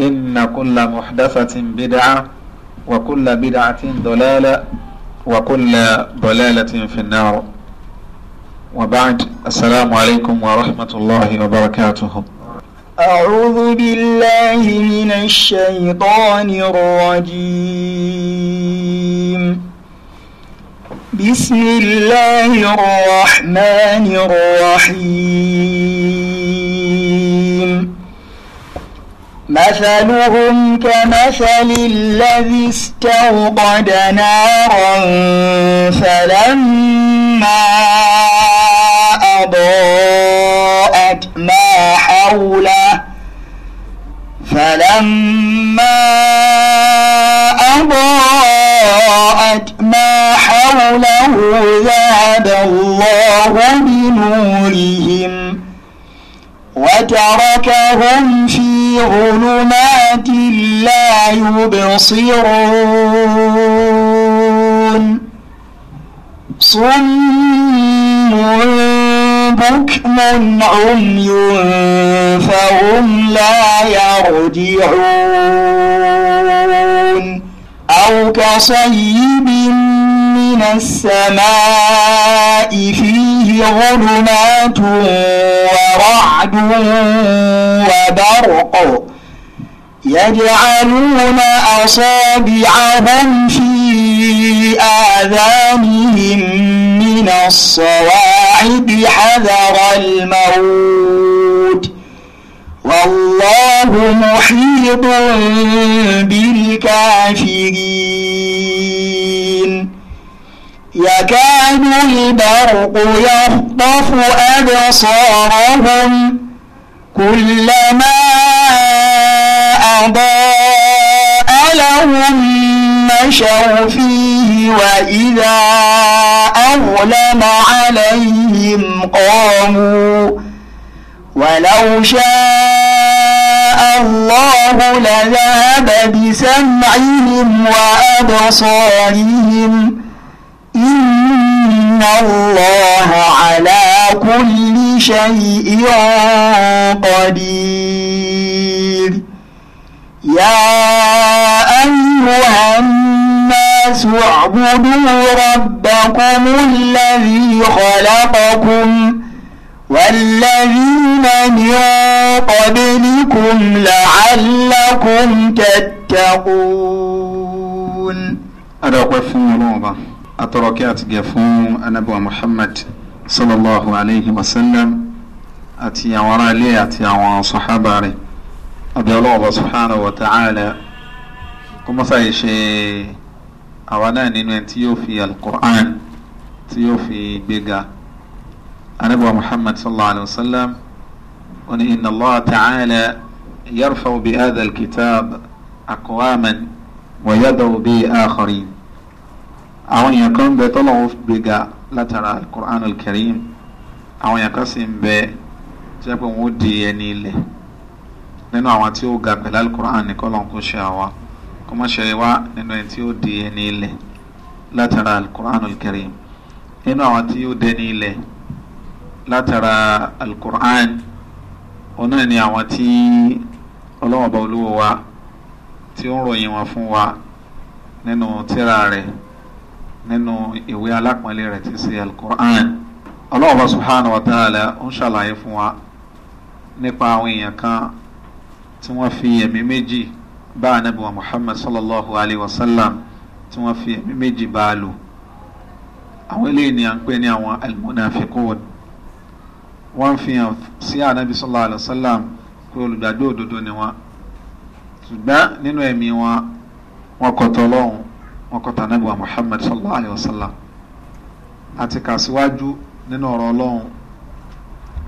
إن كل محدثة بدعة وكل بدعة ضلالة وكل ضلالة في النار وبعد السلام عليكم ورحمة الله وبركاته أعوذ بالله من الشيطان الرجيم بسم الله الرحمن الرحيم مثلهم كمثل الذي استوقد نارا فلما أضاءت ما حوله فلما أضاءت ما حوله ذهب الله بنورهم وتركهم في ظلمات لا يبصرون صم بكم عمي فهم لا يرجعون أو كصيب من السماء فيه ظلمات ورعد وبرق يجعلون أصابعهم في آذانهم من الصواعد حذر الموت والله محيط بالكافرين يكاد البرق يخطف أبصارهم كلما أضاء لهم مشوا فيه وإذا أظلم عليهم قاموا ولو شاء الله لذهب بسمعهم وأبصارهم إن الله على كل شيء قدير يا أيها الناس اعبدوا ربكم الذي خلقكم والذين من قبلكم لعلكم تتقون أدعوك فون الله أترك جفون فون محمد صلى الله عليه وسلم أتي وراء لي أتي وراء صحابة لي أبي الله سبحانه وتعالى كما سيشي أولا ننوين تيوفي القرآن تيوفي بيغا عن أبو محمد صلى الله عليه وسلم أن إن الله تعالى يرفع بهذا الكتاب أقواما ويدعو به آخرين أو أن يكون بطلعوا بقى لترى القرآن الكريم أو أن يقسم ب جابوا مودي ينيله لأنه أعطيه قبل القرآن نقول أنكو شعوة كما شعوة لأنه أعطيه دي ينيله لترى القرآن الكريم لأنه أعطيه دي ينيله látara alukur'an ọ̀nà ni àwọn tí ọlọ́wọ́ba olówó wa tí ó ń ròyìn wọn fún wa nínú tírà rẹ̀ nínú ìwé alápọ̀nlé rẹ̀ ti ṣe alukur'an ọlọ́wọ́ba subhanahu wa ta'ala ń ṣàlàyé fún wa nípa àwọn èèyàn kan tí wọ́n fi ẹ̀mí méjì bá anabi wa muhammad sallallahu alayhi wa sallam tí wọ́n fi ẹ̀mí méjì bá a lò àwọn eléyìí ni à ń pè ní àwọn almunafikun wọ́n fi hàn sí ànábi sallallahu alayhi sallam pé olùgbàdo òdodo ni wọ́n ṣùgbọ́n nínú ẹ̀mí wọn wọn kọ̀ lọ́hùn wọn kọ̀ ànábi wa Muhammad sallallahu alayhi sallam àti kà síwájú nínú ọ̀rọ̀ ọlọ́hùn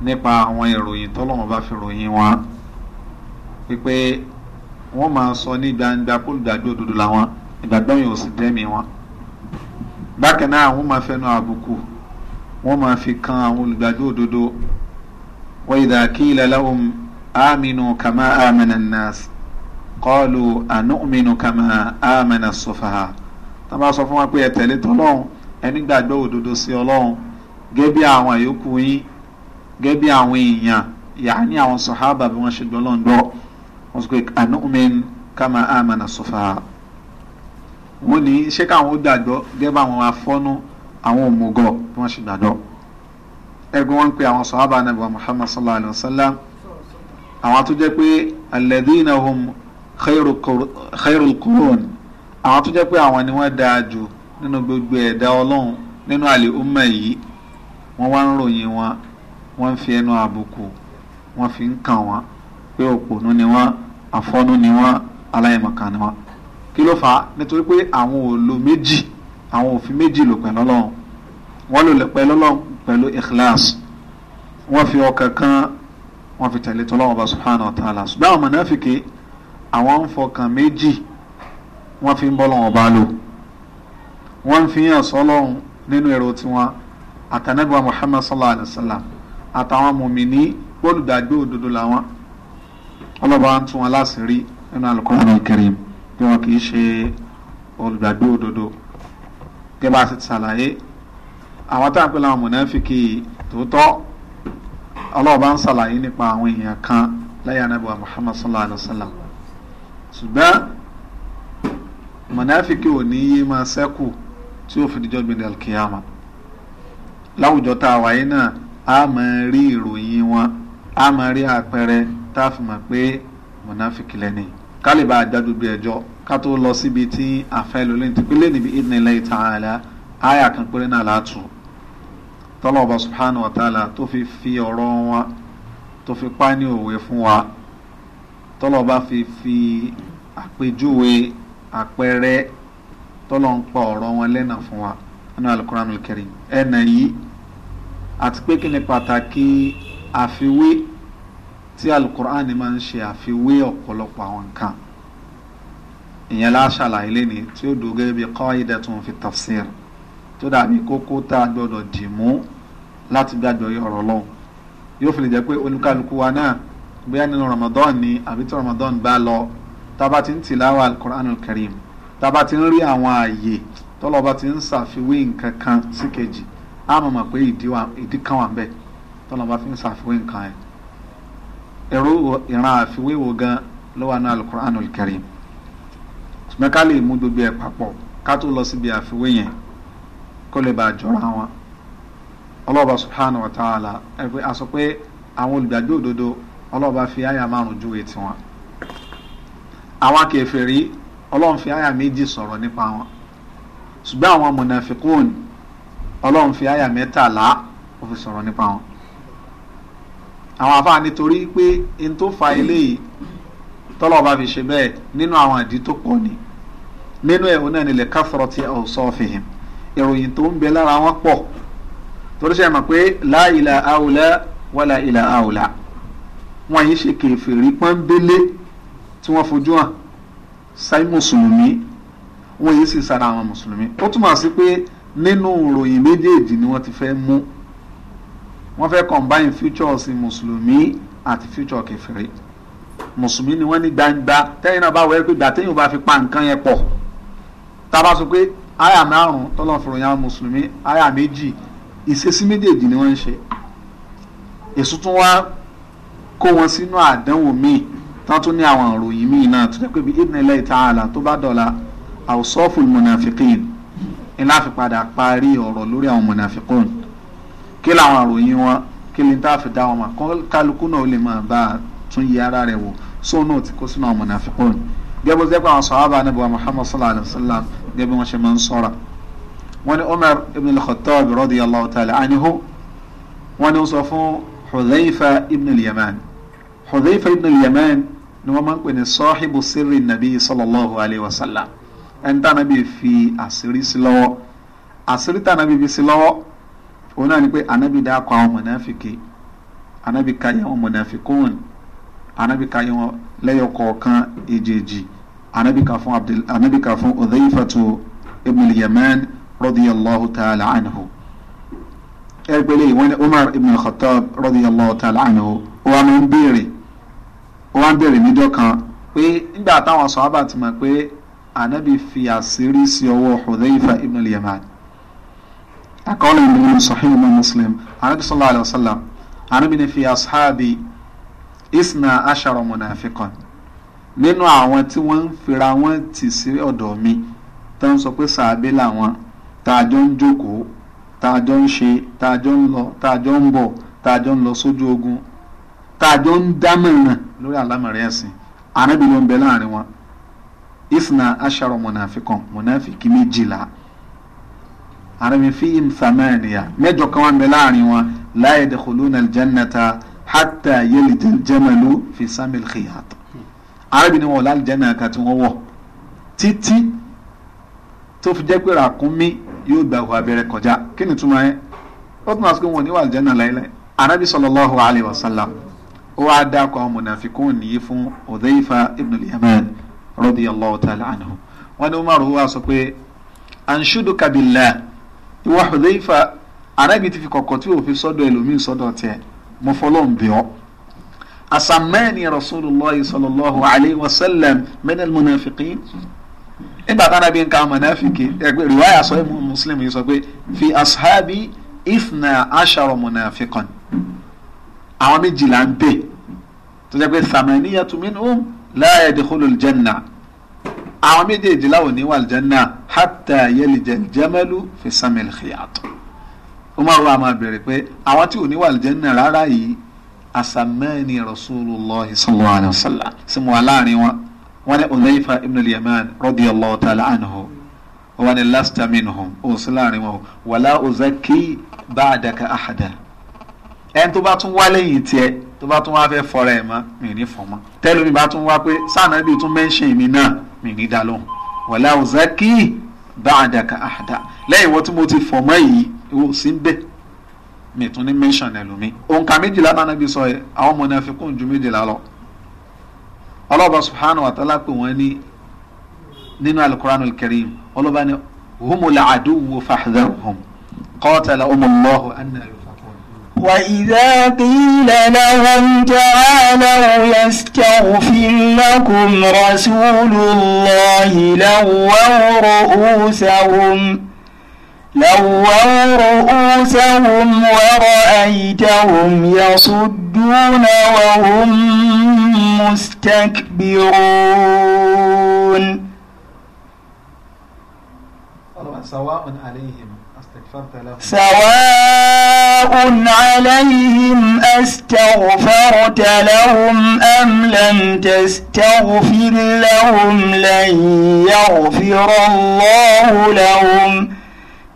nípa àwọn ìròyìn tọ́lọ́hùn bá fi ròyìn wọn wípé wọ́n máa sọ ní gbangba pé olùgbàdo òdodo làwọn ìgbàgbọ́ yẹn ò sì dẹ́mi wọn bákan náà àwọn máa fẹnu àbùkù wọ́n máa fi kan àwọn olùgbàdo òdodo wa idha qila lahum aminu kama amana an-nas qalu anu'minu kama amana as-sufaha tá a bá sọ fún wa pé ẹ tẹ̀lé tọ́lọ́hún ẹni gbàgbọ́ òdodo sí ọlọ́hún gẹ́bí àwọn àyókù yín gẹ́bí àwọn èèyàn yàní àwọn sọ̀hábà bí wọ́n ṣe gbọ́ lọ́ńdọ́ wọ́n sọ pé anu'min kama amana as-sufaha wọ́n ní ṣé káwọn gbàgbọ́ gẹ́bí àwọn afọ́nú àwọn òmùgọ̀ bí wọ́n ṣe gbàgbọ́ ẹgbẹ́ wọn ń pe àwọn sọ̀hábà ànábì wa Muhammad sallallahu alayhi wa sallam àwọn tó jẹ́ pé alladhina hum khayrul qurun àwọn tó jẹ́ pé àwọn ni wọ́n dáa jù nínú gbogbo ẹ̀dá ọlọ́run nínú àlè umma yìí wọ́n wá ń ròyìn wọn wọ́n ń fi ẹnu àbùkù wọ́n fi ń kàn wọ́n pé òpònú ni wọ́n àfọ́nú ni wọ́n aláìmọ̀kan ni kí ló fà á nítorí pé àwọn òòlò méjì àwọn òfin méjì lò pẹ̀lú ọlọ́run wọ́n lò pẹ̀lú ọlọ́run pẹ̀lú ikhlas wọ́n fi ọkàn kan wọ́n fi tẹ̀lé tọ́lọ́run ọba subhanahu wa ta'ala ṣùgbọ́n àwọn mọ̀nàfìkì àwọn ń fọkàn méjì wọ́n fi ń bọ́ lọ́wọ́ ọba lò wọ́n fi hàn sọ́lọ́run nínú èrò tiwọn àtànẹ́bà Muhammad sallallahu alayhi wa sallam àtàwọn mùmíní olùdàgbé òdodo làwọn ọlọ́ba ń tún wọn láṣìírí nínú Al-Qur'an bí wọn kì í ṣe olùdàgbé òdodo gẹ́gẹ́ bá a ti ṣàlàyé àwọn tá à ń pè láwọn mùnáfíkì tòótọ́ ọlọ́ọ̀bá ń ṣàlàyé nípa àwọn èèyàn kan lẹ́yìn anábìwá Muhammad sallallahu alayhi wa sallam ṣùgbọ́n mùnáfíkì ò ní yé máa ṣẹ́kù tí ó fi dijọ́ gbẹ̀dẹ̀ alkiyama láwùjọ tá a wáyé náà a máa rí ìròyìn wọn a máa rí àpẹẹrẹ tá a fi mọ̀ pé mùnáfíkì lẹ́nìí kálíbà àjágbègbè ẹjọ́ ká tó lọ síbi tí àfẹ́ lólẹ́yìn ti pélé níbi ìdínlẹ̀ ta'ala àyà kan péré náà látù tọ́lọ́ọ̀bà subhanahu wa ta'ala tó fi fi ọ̀rọ̀ wọn tó fi pa ní òwe fún wa tọ́lọ́ọ̀bà fi fi àpèjúwe àpẹẹrẹ tọ́lọ́ọ̀ ń pa ọ̀rọ̀ wọn lẹ́nà fún wa nínú al-Qur'anul Karim ẹ̀nà yìí àti pé kí ni pàtàkì àfiwé tí alukur'an máa ń ṣe àfiwé ọ̀pọ̀lọpọ̀ àwọn nǹkan ìyẹn láṣàlàyé lẹ́ni tí ó dùn gẹ́gẹ́ bí qaidatun fi tafsir tó dàbí kókó tá a gbọ́dọ̀ dì mú láti gbàgbọ́ ọ̀rọ̀ lọ́hùn yóò fi lè jẹ́ pé oníkálukú wa náà bóyá nínú Ramadan ni àbí tí Ramadan bá lọ tába ti ń tìláwà alukur'an karim tába ti ń rí àwọn ààyè tọ́lọ́ba ti ń ṣàfiwé nǹkan kan síkejì á mọ̀ mọ̀ pé ìdí kan wà ń bẹ tọ́lọ́ba fi ń ṣàfiwé nǹkan yẹn ẹ̀rọ ìran àfiwé wo gan ló wà ní alukur'anul karim ṣùgbọ́n ká lè mú gbogbo ẹ̀ papọ̀ ká tó lọ síbi àfiwé yẹn kó lè bàa jọra wọn ọlọ́ọ̀bà subhanahu wa ta'ala ẹ̀fẹ́ a sọ pé àwọn olùgbàgbé òdodo ọlọ́ọ̀bà fi àyà márùn júwe tiwọn àwọn kèfèrí ọlọ́ọ̀n fi àyà méjì sọ̀rọ̀ nípa wọn ṣùgbọ́n àwọn mọ̀nàfikún ọlọ́ọ̀n fi àyà mẹ́tàlá ó fi sọ̀rọ̀ nípa wọn àwọn afáà nítorí pé n tó fa eléyìí tọ́lọ́ọ̀bá fi ṣe bẹ́ẹ̀ nínú àwọn ìdí tó pọ̀ ni nínú ẹ̀ òun náà nílẹ̀ káfọ́rọ̀ ti awsafihim ìròyìn tó ń bẹ lára wọn pọ̀ torí ṣe mọ̀ pé la ila aula wala ila aula wọn yìí ṣe kèfèrí pọ́nbélé tí wọ́n fojú hàn sáì mùsùlùmí wọn yìí sì sára àwọn mùsùlùmí ó túmọ̀ sí pé nínú ìròyìn méjèèjì ni wọ́n ti fẹ́ mú wọ́n fẹ́ combine future sí mùsùlùmí àti future kẹfìrí mùsùlùmí ni wọ́n ní gbangba tẹ́yìn náà bá wẹ́ pé gbà téèyàn bá fi pa nǹkan yẹn pọ̀ tá a bá sọ pé àyà márùn tọ́lọ̀ fòrò yàn mùsùlùmí àyà méjì ìṣesí méjèèjì ni wọ́n ń ṣe èso tún wá kó wọn sínú àdánwò míì tán tún ní àwọn ìròyìn míì náà tó jẹ́ pé bí ibn ilẹ̀ ta'ala tó bá dọ̀la àwòsọ́fù munafiqin ńlá fi padà parí ọ̀rọ̀ lórí àwọn munafiqun kí làwọn àròyìn wọn kí ni tá a fi dá wọn mà kálukú náà ó lè máa bá a tún yí ara rẹ̀ wò sóun náà ti kó sínú àwọn mọ̀nàfíkún gẹ́gbẹ́ sẹ́kọ̀ àwọn sọ̀hábà níbi wa muhammad sallallahu alayhi wa sallam gẹ́gbẹ́ wọn ṣe máa ń sọ́ra wọ́n ní umar ibn al-khattab radiyallahu ta'ala anhu wọ́n ní ó sọ fún hudhaifa ibn al-yaman hudhaifa ibn al-yaman ni wọ́n máa ń pè ní sọ́ọ́hìbù sírì nàbí sallallahu alayhi wa sallam ẹni tá nàbí fi àṣírí sí lọ́wọ́ àṣírí tá nàbí fi sí lọ́wọ́ òun náà ni pé anabi dá kọ àwọn mọ̀nàfìkì anabi ka yẹn wọn mọ̀nàfìkún anabi ka yẹn wọn lẹ́yọ kọ̀ọ̀kan èjèèjì anabi ka fún abdul anabi ka fún ọ̀dẹ́yìfàtò ibn yaman rọ́díyàlláhu ta'ala anhu ẹgbẹ́lẹ́ ìwọ́n ni umar ibn khattab rọ́díyàlláhu ta'ala anhu wa máa ń béèrè wa ń béèrè níjọ́ kan pé nígbà táwọn sọ̀hábà ti pé anabi fi àṣírí sí ọwọ́ ọ̀dẹ́yìfà ibn yaman akọ́lẹ̀ ìlú nínú sahih imam muslim anabi sallallahu alayhi wa sallam anabi ní fi ashabi isna ashara munafiqan nínú àwọn tí wọ́n ń fira wọn tì sí ọ̀dọ̀ mi tó ń sọ pé sàábé làwọn tá ń jókòó tá ń ṣe tá ń lọ tá ń bọ̀ tá ń lọ sójú ogun tá ń dámọ̀ràn lórí àlámọ̀rẹ́ ẹ̀sìn anabi ló ń bẹ láàrin wọn isna ashara munafiqan munafiki méjìlá àrùn fíìm samaniya mẹ́jọ kan wọn bẹ láàrin wọn la yadkhuluna aljannata hatta yalija aljamalu fi samil khiyat àrùn ni wọn lálìjẹ́nà kan tí wọ́n wọ̀ títí tó fi jẹ́ pé ràkúnmí yóò gba ìhò abẹ́rẹ́ kọjá kí ni túmọ̀ yẹn ó tún àsìkò wọn ní wà àlìjẹ́nà láíláí ànábì sallallahu alayhi wa sallam ó wá dákọ̀ àwọn mùnàfikún nìyí fún Udhayfa ibn al-Yaman radiyallahu ta'ala anhu wọn ni Umar wá sọ pé anshuduka billah ìwọ Hudhaifa arábì ti fi kọ̀kọ̀ tí òfin sọ́dọ̀ ẹlòmíì sọ́dọ̀ tiẹ̀ mo fọlọ́ ń bẹ̀ ọ́ asamani rasulillah sallallahu alayhi wa sallam minal munafiqin nígbà táwọn arábì ń ka munafiki ẹgbẹ́ riwaya sọ ẹ́ muslim yìí sọ pé fi ashabi ifna ashara munafiqan àwọn méjìlá ń bẹ̀ tó jẹ́ pé samaniyatu minhum la yadkhulul àwọn méjèèjì láwọn ní wà ljanna hatta yẹlẹjẹ jamalu fi samil khiyat umaru wa máa bẹ̀rẹ̀ pé àwọn tí ò ní wà aljanna rárá yìí asamani rasulillah sallallahu alayhi wa sallam simu alaarin wa wọn ni udhaifa ibn al-yaman radiyallahu ta'ala anhu wọn ni lasta minhum òsínláàrin wọn wàlá uzaki ba'daka ahada ẹn tó bá tún wá lẹ́yìn tiẹ̀ tó bá tún wá fẹ́ fọra ẹ̀ mọ́ mi ní fọmọ́ tẹ́lómi bá tún wá pé sáà náà bí mi náà mi ní dá lóhùn wàlá ọ̀zákì báàdàkà àdá lẹ́yìn wọ́n tí mo ti fọ̀ mọ́ yìí ewu sí ń bẹ̀ mi tún ní mẹ́sàn ẹlòmí òǹkà méjìlá náà bí sọ yẹ àwọn mùnáfíkùn ju méjìlá lọ ọlọ́ba subhanahu wa ta'ala pè wọ́n ní nínú alukuranul karim ọlọ́ba ní humul aduwu fahdharuhum qatala umullahu anna yóò. وإذا قيل لهم تعالوا يستغفر لكم رسول الله لووا رؤوسهم لووا رؤوسهم ورأيتهم يصدون وهم مستكبرون سواء عليهم سواء عليهم أستغفرت لهم أم لم تستغفر لهم لن يغفر الله لهم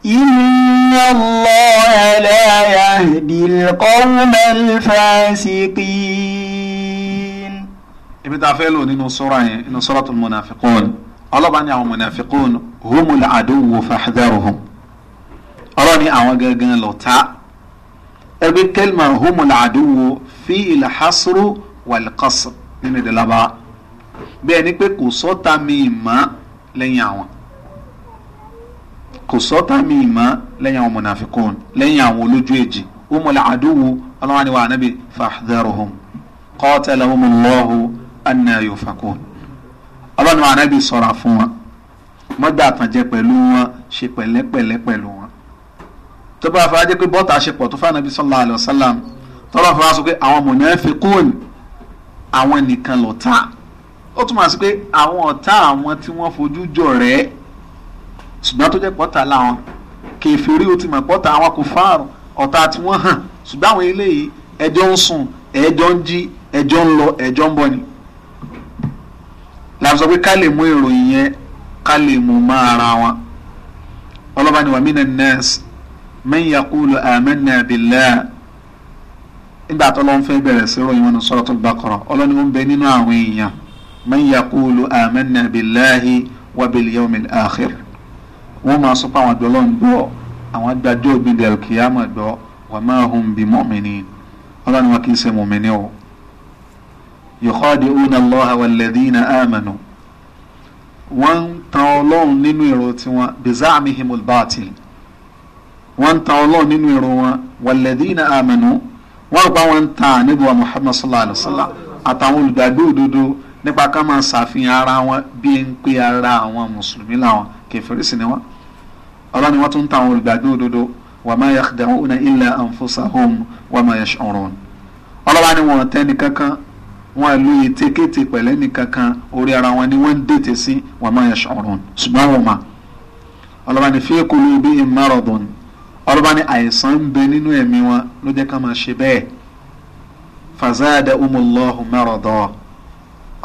إن الله لا يهدي القوم الفاسقين ابدا فعلوا نصرة المنافقون الله بان يعوا هم العدو فاحذرهم ọ̀rọ̀ ni àwọn gangan lọ́tà ẹgbẹ́ tẹ́lẹ̀mà humul àdúwò fi ilẹ̀ hasru wàlíkọ́sù nínú èdè lábá bẹ́ẹ̀ ni pé kò sọ́ta mi mọ́ lẹ́yìn àwọn kò sọ́ta mi mọ́ lẹ́yìn àwọn mọ̀nàfikún lẹ́yìn àwọn olójú èjì humul àdúwò ni wà á nábì fahdharuhum qatalahumullahu anna yufakun ọlọ́run ànábì sọ̀rọ̀ fún wọn mọ́gbà àtànjẹ pẹ̀lú wọn ṣe pẹ̀lẹ́pẹ̀lẹ́ pẹ̀lú wọn tó bá fà á jẹ́ pé bọ́tà àṣepọ̀ tó fànàbí sallallahu alaihi wasallam tọ́lọ́ fà á sọ pé àwọn munafiqun àwọn nìkan lọ́tà ó túmọ̀ sí pé àwọn ọ̀tá àwọn tí wọ́n fojú jọ rẹ̀ ṣùgbọ́n tó jẹ́ pọ́tà láwọn kèfèrí ó ti mọ̀ pọ́tà àwọn kò fáàrùn ọ̀tá tí wọ́n hàn ṣùgbọ́n àwọn eléyìí ẹjọ́ ń sùn ẹjọ́ ń jí ẹjọ́ ń lọ ẹjọ́ ń bọ̀ ni làbùsọ̀ pé ká lè mú ìròyìn yẹn ká lè mú máa ara wọn ọlọ́ba ni wàmí nẹ́ẹ̀sì man yaqulu amanna billah nígbà tó lọ́n fẹ́ bẹ̀rẹ̀ sí ròyìn wọn suratul baqara ọlọ́ni wọn bẹ nínú àwọn èèyàn man yaqulu amanna billahi wa bil yawmil akhir wọ́n máa sọ pé àwọn àgbẹ̀ ọlọ́run gbọ́ àwọn àgbàjọ́ ògbìn dẹ̀lkìyàmọ̀ gbọ́ wa ma hum bi mu'minin ọlọ́ni wọn kì í ṣe mọ̀mìnì o yukhadi'una Allaha walladhina amanu wọ́n ń tan ọlọ́run nínú èrò tiwọn biza'mihimul batil wọ́n ń ta ọlọ́run nínú ìrun wọn wàlẹ́dínà àmẹ́nu wọ́n rò pé àwọn ń ta àníbùwà muhammad sallallahu alayhi wa sallam àtàwọn olùgbàgbé òdodo nípa ká máa ṣàfihàn ara wọn bí ń pé ara àwọn mùsùlùmí làwọn kèfèrí sì ni wọn ọlọ́run ni wọ́n tún ń ta àwọn olùgbàgbé òdodo wa ma yakhda'una illa anfusahum wa ma yash'urun ọlọ́wà ni wọ́n tẹ́ nìkankan wọ́n lu ètekéte pẹ̀lẹ́ nìkankan orí ara wọn ni wọ́n ń dètè sí wa ma yash'urun ṣùgbọ́n wọn ma ọlọ́wà ni fi qulubihim ọlọ́ba ní àìsàn ń bẹ nínú ẹ̀mí wọn ló jẹ́ ká máa ṣe bẹ́ẹ̀ fàzáàdà umulọ́hu mẹ́rọ̀dọ́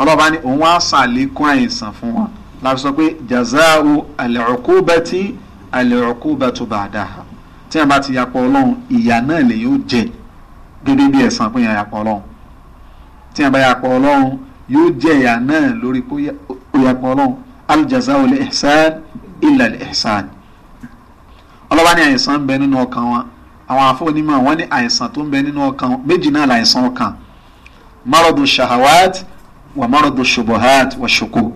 ọlọ́ba ní òun á sàlékún àìsàn fún wọn láti sọ pé jazaahu alẹ́ọ̀kúbẹ́tì alẹ́ọ̀kúbẹ́tù bàdà tí wọn bá ti yapọ̀ ọlọ́run ìyà náà lè yóò jẹ gẹ́gẹ́ bí ẹ̀san pé yẹn yapọ̀ ọlọ́run tí wọn bá yapọ̀ ọlọ́run yóò jẹ ìyà náà lórí pé ó yapọ̀ ọlọ́run al jazaahu al ihsan illa ọlọ́wà ní àìsàn ń bẹ nínú ọkàn wọn àwọn àfọwọ́nímọ̀ wọ́n ní àìsàn tó ń bẹ nínú ọkàn méjì náà làìsàn ọkàn maradu shahawat wa maradu shubuhat wa shukuk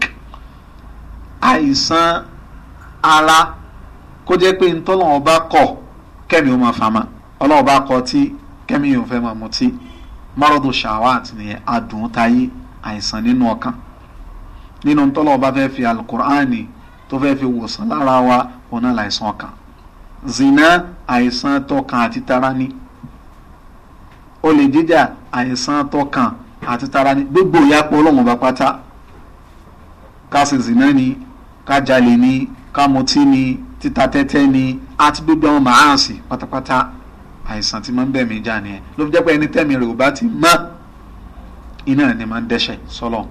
àìsàn ara kó jẹ́ pé ntọ́lọ́wọ́ bá kọ̀ kẹ́mi ó máa fama ọlọ́wọ́ bá kọ̀ tí kẹ́mi yóò fẹ́ máa mutí maradu shahawat nìyẹn adùn táyé àìsàn nínú ọkàn nínú ntọ́lọ́wọ́ bá fẹ́ fi alukur'ani tó fẹ́ fi wòsàn lára wa ọ̀nà làìsàn ọkàn zina àìsàn tọkàn àti tara ni olè jíjà àìsàn tọkàn àti tara ni gbogbo ìyapọ̀ ọlọ́run bá pátá ká ṣe zina ni ká jalè ni ká mutí ni títa tẹ́tẹ́ ni àti gbogbo àwọn màáàsì pátápátá àìsàn tí máa ń bẹ̀mí jà nìyẹn ló fi jẹ́ pé ẹni tẹ́mi rẹ̀ ò bá ti mọ́ iná ni máa ń dẹ́ṣẹ̀ sọ́lọ̀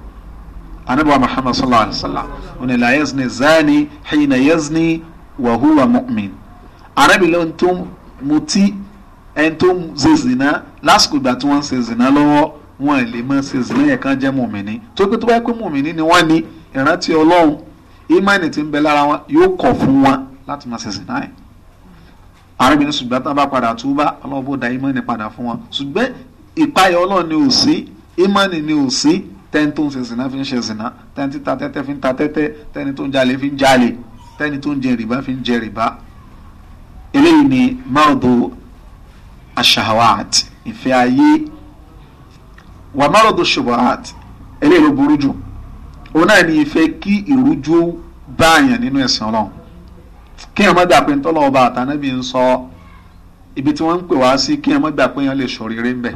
anabiwa muhammad sallallahu alaihi wa sallam onílà yazni zani hina yazni wa mu'min arábìnrin tó ń mutí ẹni tó ń ṣe zìnà lásìkò ìgbà tí wọ́n ń ṣe zìnà lọ́wọ́ wọn lè máa ṣe zìnà yẹn kan jẹ́ mùmíní tó pé tó bá yẹ pé mùmíní ni wọ́n ní ìrántí ọlọ́run ìmánì tí ń bẹ lára wọn yóò kọ̀ fún wọn láti máa ṣe zìnà yẹn arábìnrin ṣùgbọ́n tí wọ́n bá padà túbá ọlọ́run bó da ìmánì padà fún wọn ṣùgbọ́n ìpayà ọlọ́run ni ò sí ìmánì ni ò sí tẹ́ni tó ń ṣe zìnà fi ń ṣe zìnà tẹ́ni tí ta tẹ́tẹ́ fi ń ta tẹ́tẹ́ tẹ́ni tó ń jalè fi ń jalè tẹ́ni tó ń jẹ rìbá fi ń jẹ rìbá eléyìí ni mọ́ọ̀dù aṣahawat ìfẹ́ ayé wà mọ́ọ̀dù ṣubuhat eléyìí ló burú jù òun náà ni ìfẹ́ kí ìrújú báyàn nínú ẹ̀sìn ọlọ́run kí ẹ̀ mọ́ gbà pé ntọ́lọ́ ọba àtànábì ń sọ ibi tí wọ́n ń pè wá sí kí ẹ̀ mọ́ gbà pé yẹn lè ṣòrire ń bẹ̀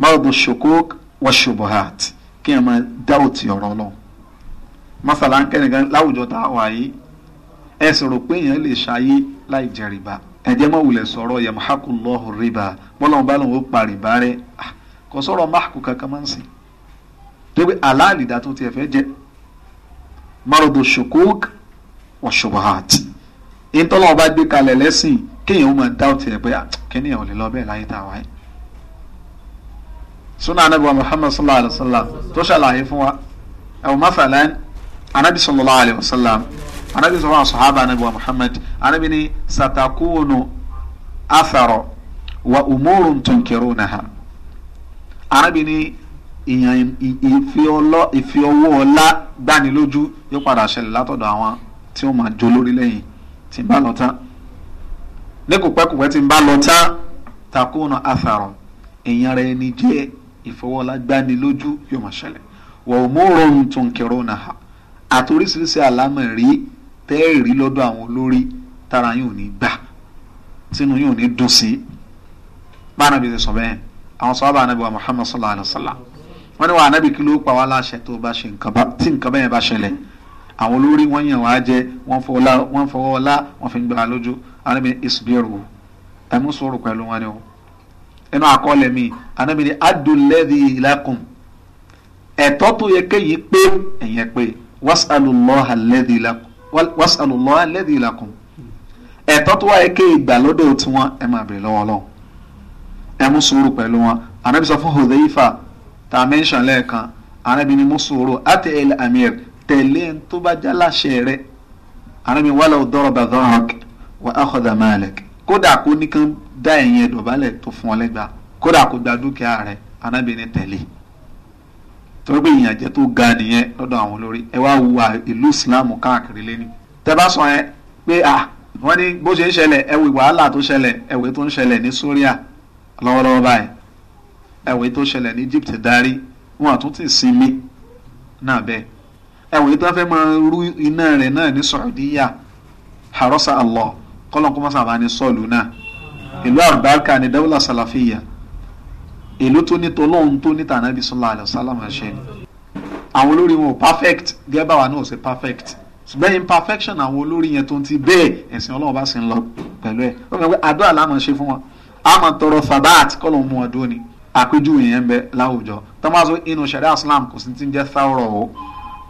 mọ́ọ̀dù ṣokók wà ṣubuhat kí ẹ̀ mọ́ dáwọ̀tì ọ̀rọ̀ ọlọ́run masala láwùjọ tá a wà yìí ẹ̀ sọ̀rọ̀ pé yẹn lè ṣayé láì jẹ rìbá ẹ̀jẹ̀ mọ̀ wulẹ̀ sọ̀rọ̀ yamhakullahu rìbá bọ́lọ́n bá lòun ó pa rìbá rẹ̀ ah, kò sọ̀rọ̀ máàkù kankan máa ń sìn débi aláàlì dá tó tiẹ̀ fẹ́ jẹ marodo shukuk wa shubahat ìtọ́lọ́wọ́ bá gbé kalẹ̀ lẹ́sìn kéèyàn ó máa dá òtí ẹ̀ pé ah, kéèyàn ò lè lọ bẹ́ẹ̀ láyé tá a wáyé suna anabi wa muhammad sallallahu alaihi wa sallam tó ṣàlàyé fún wa ẹ̀wọ̀n mafalan anabi sallallahu alaihi wa sallam anabi sọ fún asọ̀hábà anabi wa muhammad anabi ni satakunu afaro wa umurun tunkiru naha anabi ni ìyàn ìfi ọwọ́ ọlá dánilójú yóò padà ṣẹlẹ̀ látọ̀dọ̀ àwọn tí wọ́n máa jó lórí lẹ́yìn tí ń bá lọ tán ní kùpẹ́kùpẹ́ tí ń bá lọ tán takùnà àfàrọ̀ ìyàn rẹ̀ ni jẹ́ ìfọwọ́lá dánilójú yóò máa ṣẹlẹ̀ wọ́n mú ròhùn tó ń àtòrísìírísìí àlámọ̀ rí tẹ́ẹ̀ rí lọ́dọ̀ àwọn olórí tára yín ò ní gbà tínú yín ò ní dùn sí báwọn àbí ti sọ bẹ́ẹ̀ àwọn sọ́wọ́ bá anábì wa Muhammad sallallahu alayhi wa sallam wọ́n ní wa anábì kí ló pa wá láṣẹ tó bá ṣe tí nǹkan bẹ́ẹ̀ bá ṣẹlẹ̀ àwọn olórí wọ́n yàn wá jẹ wọ́n fọwọ́ ọlá wọ́n fi ń gbà lójú anábì isbiru ẹ mú pẹ̀lú wọn ni o ẹnu àkọọ́lẹ̀ mi anábì ni adùnlẹ́dì ìlàkùn ẹ̀tọ́ tó yẹ kéyìí pé ẹ̀yẹ pé wasalùlọ́hà lẹ́dì ìlàkùn wasalùlọ́ alẹ́dìí làkùn ẹ̀tọ́ tó wáyé ké ìgbà lọ́dọ̀ tiwọn ẹ máa bèrè lọ́wọ́ lọ́wọ́ ẹ mú sùúrù pẹ̀lú wọn ànábi sọ fún Hudhaifa tá a mẹ́ńsàn lẹ́ẹ̀kan ànábi ni mú sùúrù àti el amir tẹ̀lé ń tó bá jáláṣẹ rẹ ànábi wàlẹ̀ ọ̀dọ́rọ̀ bàtọ́ hàn wà á kọ́dà máa lẹ̀ kódà kó nìkan dá ẹ̀yìn ẹ̀dọ̀bálẹ̀ tó fún ọ lẹ́gbàá kódà kó gba dúkìá rẹ ànábi ni tẹ̀lé torí pé ìyànjẹ tó ga nìyẹn lọ́dọ̀ àwọn olórí ẹ wá wu ìlú ìsìláàmù káàkiri lẹ́ni tẹ́ bá sọ yẹn pé ah wọ́n ní bó ṣe ń ṣẹlẹ̀ ẹ̀wì wàhálà tó ṣẹlẹ̀ ẹ̀wì tó ń ṣẹlẹ̀ ní Syria lọ́wọ́lọ́wọ́ báyìí ẹ̀wì tó ṣẹlẹ̀ ní Egypt darí wọn àtún ti sinmi náà bẹ́ẹ̀ ẹ̀wì tó fẹ́ máa rú iná rẹ̀ náà ní Saudiya harosa Allah kọ́lọ́n kó má sọ́ọ̀lù náà ìlú àbáríkà ní dawla salafiya èló tó ní tọlọ́hún tó ní tànàbí sallallahu alaihi wasallam ṣe ni àwọn olórí wọn ò perfect gẹ́gẹ́ báwa náà ò ṣe perfect ṣùgbọ́n imperfection àwọn olórí yẹn tó ń ti bẹ́ẹ̀ ẹ̀sìn ọlọ́run bá sì ń lọ pẹ̀lú ẹ̀ ó mọ̀ pé àdúrà láàmú ṣe fún wọn àmọ́ tọrọ sabat kọ́lọ̀ mú wọn dúró ni àpéjúwe yẹn ń bẹ láwùjọ tó inú sharia islam kò sí ti ń jẹ́ thawrọ̀ o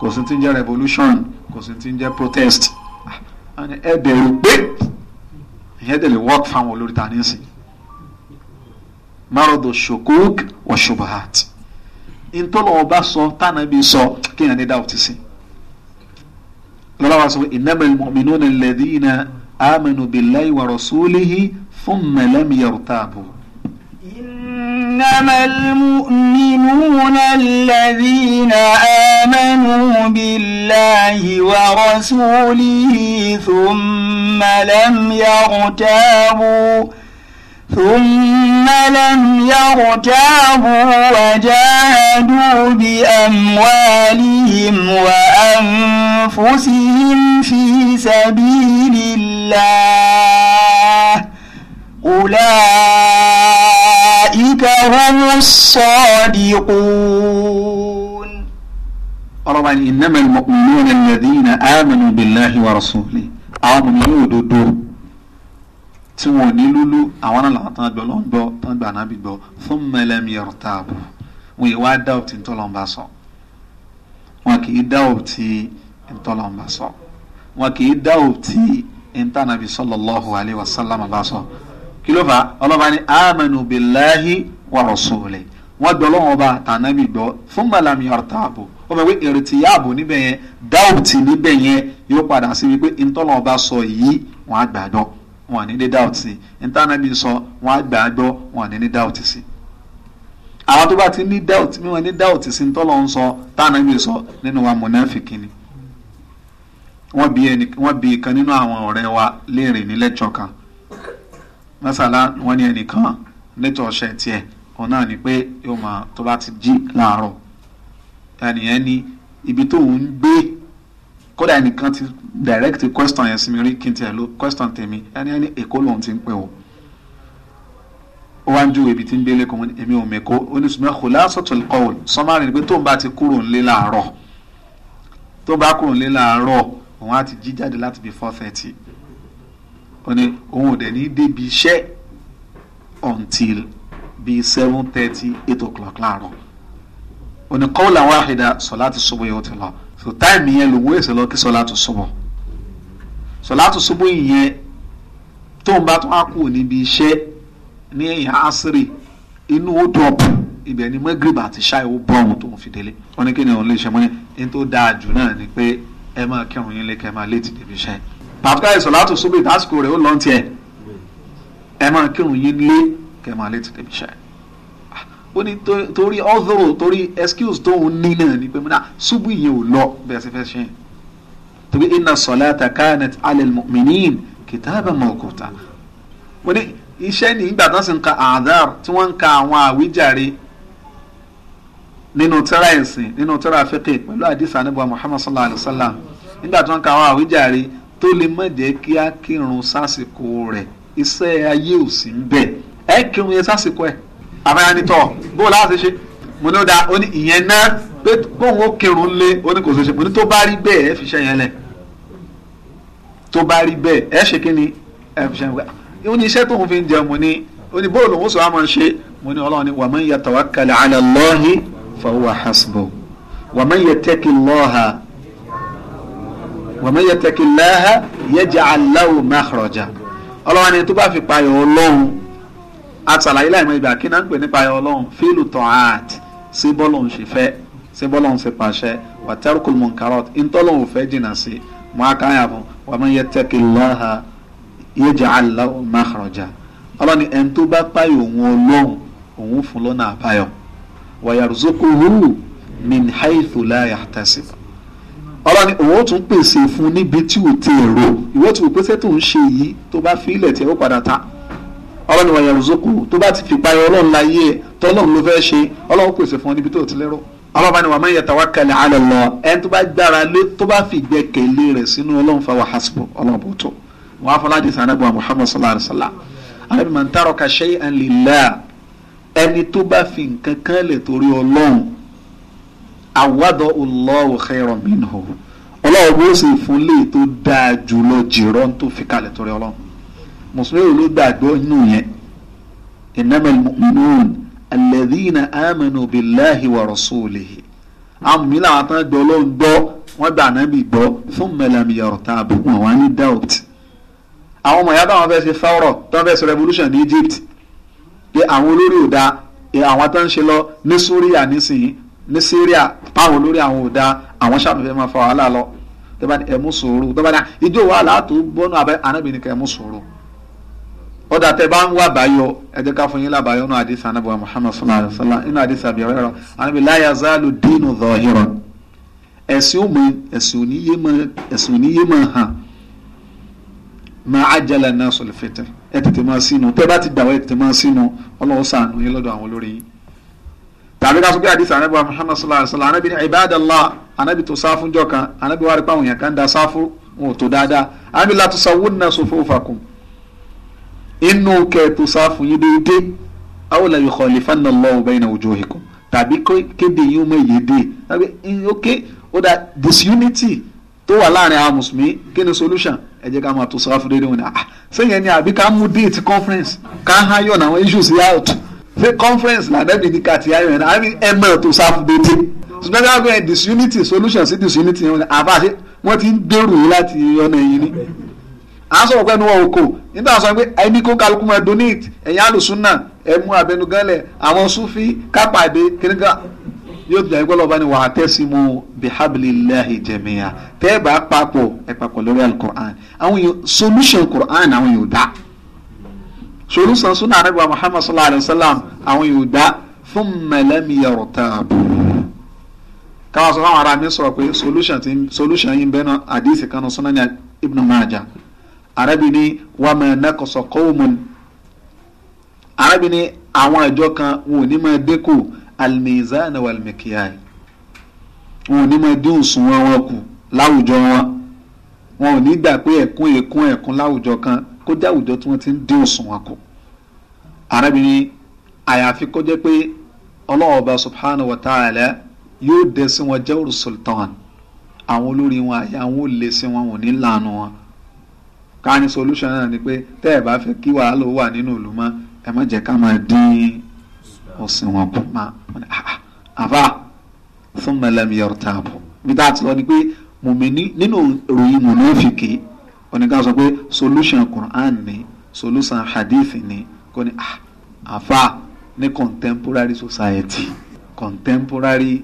kò sí ti ń jẹ́ revolution kò sí ti ń jẹ́ protest ah, ẹ bẹ̀rù pé ìyẹn tẹ̀lé work fáwọn olórí ta ní sìn marodo shokok wa shubahat ntọ́lọ̀ ọba sọ tánàbí sọ kéèyàn ní dáwọ́ ti sìn lọ́lọ́wọ́ sọ innamal mu'minuna alladhina amanu billahi wa rasulihi thumma lam yartabu. إنما المؤمنون الذين آمنوا بالله ورسوله ثم لم يرتابوا ثم لم يرتابوا وجاهدوا بأموالهم وأنفسهم في سبيل الله أولئك هم الصادقون طبعا إنما المؤمنون الذين آمنوا بالله ورسوله آمنوا tí wọn ò ní lóló àwọn náà làwọn tán gbọ́ lọ́n gbọ́ tán gbà náà bí gbọ́ fún mẹlẹ́mi ọ̀rọ̀ táàbù wọn yìí wá dá òtí ntọ́lọ́mbà sọ wọn kì í dá òtí ntọ́lọ́mbà sọ wọn kì í dá òtí ntànàbí sallallahu alayhi wa sallam bá sọ kí ló fà ọlọ́ba ni amanu billahi wa rasulihi wọn gbọ́ lọ́wọ́ ọba tànàbí gbọ́ fún mẹlẹ́mi ọ̀rọ̀ táàbù ó mọ̀ pé èrètí yáàbò níbẹ̀ yẹn dáòtì níbẹ̀ yẹn yóò padà sí wípé ntọ́lọ́ọ̀bá sọ yìí wọ́n á wọn ní ní doubt sí intanẹti sọ wọn á gbà á gbọ́ wọn ní ní doubt sí àwọn tó bá ti ní doubt mi wọn ní doubt sí ntọ́lọ́ ń sọ tánàbí sọ nínú wa mọ̀nàfìkì ni wọ́n bi ẹnì wọ́n bi kan nínú àwọn ọ̀rẹ́ wa léèrè ní lẹ́tọ̀ kan mọ́sálá wọ́n ní ẹnìkan lẹ́tọ̀ ọ̀ṣẹ́ tiẹ̀ òun náà ni pé yóò máa tó bá ti jí láàárọ̀ ẹnìyẹn ní ibi tóun ń gbé kódà ẹnìkan ti direct question yẹn sí mi rí kí n tiẹ̀ lo question tèmi ẹni ẹni èkó lòun ti ń pè o ó wá ń ju ibi tí ń gbélé kan èmi ò mẹ́kọ́ ó ní ṣùgbọ́n khulasatul qawl summary ni pé tóun bá ti kúrò ńlé làárọ̀ tóun bá kúrò ńlé làárọ̀ òun á ti jí jáde láti bí four thirty ó ní òun ò dẹ̀ ní débi iṣẹ́ until bíi seven thirty eight o'clock láàárọ̀ ó ní qawlan wahida salati subuhi ó ti lọ so táìmì yẹn lòwó èsè lọ kí sọlátù súbù sọlátù súbù yẹn tóun bá tún á kú níbi iṣẹ́ ní ẹ̀yìn asiri inú ó dọ̀pù ibẹ̀ ni magrib àti ṣáì ó bọ̀ ọ̀hún tóun fi délé wọn ní kí ni òun lè ṣe mọ́ ní ní tó dáa jù náà ni pé ẹ máa kírun yín lé kẹ́ máa léètì débi iṣẹ́ pàtàkì sọlátù súbù ìdásíkò rẹ̀ ó lọ́ntì ẹ̀ ẹ máa kírun yín lé kẹ́ máa léètì débi iṣẹ́ ó ní torí ọ̀dọ́rọ̀ torí excuse tóun ní náà ni pé mo náà ṣubú yẹn ò lọ bẹ́ẹ̀ sì fẹ́ ṣe é torí inna salata kanat alal mu'minin kitaban mawquta mo ní iṣẹ́ ní ìgbà tán sì ń ka àdáàr tí wọ́n ń ka àwọn àwíjàre nínú tírà ẹ̀sìn nínú tírà fiqh pẹ̀lú àdìsá níbo Muhammad sallallahu alayhi wa sallam nígbà tí ń ka àwọn àwíjàre tó lè má jẹ́ kí á kírun sásìkò rẹ̀ iṣẹ́ ayé ò sí ń àfẹ́yánitọ̀ bó láti ṣe mo ní ó da ó ní ìyẹn náà pé kóun ó kírun lé ó ní kò ṣe ṣe mo ní tó bá rí bẹ́ẹ̀ ẹ fi ṣe yẹn lẹ̀ tó bá rí bẹ́ẹ̀ ẹ ṣe kí ni ẹ fi ṣe yẹn lẹ̀ ó ní iṣẹ́ tóun fi ń jẹun mo ní ó ní bóòlù òun sọ á ṣe mo ní ọlọ́run ní waman yatawakkal ala Allahi fahuwa hasbuh waman yattaqi Allaha waman yattaqi Allaha yaj'al lahu makhraja ọlọ́run ni tó bá fi payọ̀ ọlọ́run àtàlàyé láìmọ ìgbà kí náà ń pè nípa ayọ ọlọ́run fílù tán àt sí bọ́ọ̀lù ń ṣe fẹ́ sí bọ́ọ̀lù ń ṣe pàṣẹ wàtẹ́rùkùl mọ̀nkárọ̀t ìtọ́lọ̀ ò fẹ́ jìnnà sí mọ́ akáyà fún wa man yattaqillaha yaj'al lahu makhraja ọlọ́ni ẹni tó bá páyò òun ọlọ́run òun fún lọ́nà àbáyọ wa yarzuquhu min haythu la yahtasib ọlọ́ni òun ó tún pèsè fún níbi tí ò tẹ̀ rò ìwé tí ò pèsè tó ń ṣe yìí tó bá fi ilẹ̀ tí ó padà ta ọlọ́ni wọn yẹn rùzókù tó bá ti fìpa yọ ọlọ́run láyé ẹ̀ tọ́lọ́run ló fẹ́ ṣe ọlọ́run pèsè fún ọ níbi tó ti lérò. ọlọ́ba ni wa man yatawakkal ala Allah ẹni tó bá gbára lé tó bá fi gbẹ́kẹ̀lé rẹ̀ sínú ọlọ́run fa wa hasbu ọlọ́run bó tó. wàá fọlá di sàn anábọ̀ Muhammad sallallahu alayhi wa sallam alábi man taraka shay'an lillah ẹni tó bá fi nǹkan kan lẹ̀ torí ọlọ́run àwádọ́ mùsùlùmí ló gbàgbọ́ inú yẹn innamal mu'minun alladhina amanu billahi wa rasulihi àwọn mi làwọn tán gbọ́ ló ń gbọ́ wọ́n gbà náà bí gbọ́ thumma lam yartabu wọn wá ní doubt àwọn ọmọ ìyá táwọn fẹ́ ṣe fáwọ́rọ̀ táwọn fẹ́ ṣe revolution ní Egypt pé àwọn olórí ò dáa àwọn tó ń ṣe lọ ní Syria nísìnyí ní Syria táwọn olórí àwọn ò dáa àwọn ṣàtúnfẹ́ máa fa wàhálà lọ tọ́ba ni ẹ̀mú sòrò tọ́ba ni ijó wàhálà tó bọ́nú abẹ́ anábìnrin kan ẹ̀mú sòrò ọ̀dà tẹ bá ń wá àbáyọ ẹ jẹ́ ká fún yín lábàáyọ náà àdìsá anábọ̀ muhammad sallallahu alayhi wa sallam inú àdìsá abiyarẹ rẹ anábì la yazalu dínú zahiran ẹ̀sìn ò mọ ẹ̀sìn ò ní yé mọ ẹ̀sìn ò ní yé mọ hàn máa ajala nasul fitr ẹ tètè máa sínú tẹ bá ti gbàwé ẹ tètè máa sínú ọlọ́wọ́ sànù yín lọ́dọ̀ àwọn olórí yín tàbí ká sọ àdìsá anábọ̀ muhammad sallallahu alayhi wa sallam anábì ní ibadallah anábì tó sáfún jọ inú kẹtù sáfù yín déédéé awolà yìí kọ́ lẹ́fà náà lọ́wọ́ bẹ́ẹ̀ náà ojú òhìnkù tàbí kéde yín mọ èyí dé tàbí ok ó dà disunity tó wà láàrin àwọn mùsùlùmí kí ni solution ẹ jẹ́ ká máa tó sáfù déédéé wọn ni ah sẹ́yìn ni àbí ká mú date conference ká háyọ̀ náà àwọn issues yà out ṣé conference làdẹ́bí ní kàtí háyọ̀ yẹn náà ẹ mọ̀ tó sáfù déédéé ṣùgbọ́n ká gbé disunity solution sí disunity wọn ni àbá ṣe ti gbèrú láti ọ̀nà ẹ̀yìn ni à ń sọ̀rọ̀ pẹ́ẹ́nu wọn òkò nígbà sọ pé ẹni kó kálukú máa donate ẹ̀yin alùsùnà ẹ̀mú abẹnuganlẹ̀ àwọn sufi kápàdé kíníkà yóò jẹ́ ìgbọ́lọ̀ bá ní wàá tẹ́sí mu bihablillahi jẹ̀míyà tẹ́ ẹ bá papọ̀ ẹ lórí alukur'an àwọn yóò solution kur'an àwọn yóò dá solution sunna anabiwa muhammad sallallahu alayhi wa sallam àwọn yóò dá fún mẹlẹ́miyàrọ̀ tààbù káwọn sọ fún àwọn ará mi sọ pé solution yìí bẹ́ẹ̀ náà àdìsí kan náà sunan ibn majah arábìnrin wàmọ̀ nàkọ̀sọ̀ kọ́wọ́mọ̀lì arábìnrin àwọn àjọ kan wọn ò ní máa dẹ́kọ̀ almizan walmikiyai wọn ò ní máa dín òṣùwọ̀n wọn kù láwùjọ wọn wọn ò ní gbà pé ẹ̀kún ẹ̀kún ẹ̀kún láwùjọ kan kó jẹ́ àwùjọ tí wọ́n ti ń dín òṣùwọ̀n kù arábìnrin àyàfi kó jẹ́ pé ọlọ́ọ̀ba subhanahu wa ta'ala yóò dẹ̀ wọn jawru sultan àwọn olórí wọn àyà wọn ò lè sí wọn wọn ò ní lànà wọn ká ní solution náà ni pé tẹ́ ẹ̀ bá fẹ́ kí wàhálà ó wà nínú ìlú mọ́ ẹ má jẹ́ ká máa dín ọ̀sìn wọn kù máa àbá fún mẹlẹ́mi yọrọ táàbù bí táà ti lọ ni pé mùmíní nínú ìròyìn mùnúfìkì oníkà sọ pé solution Quran ni solution hadith ni kò ní ah, àfa ní contemporary society contemporary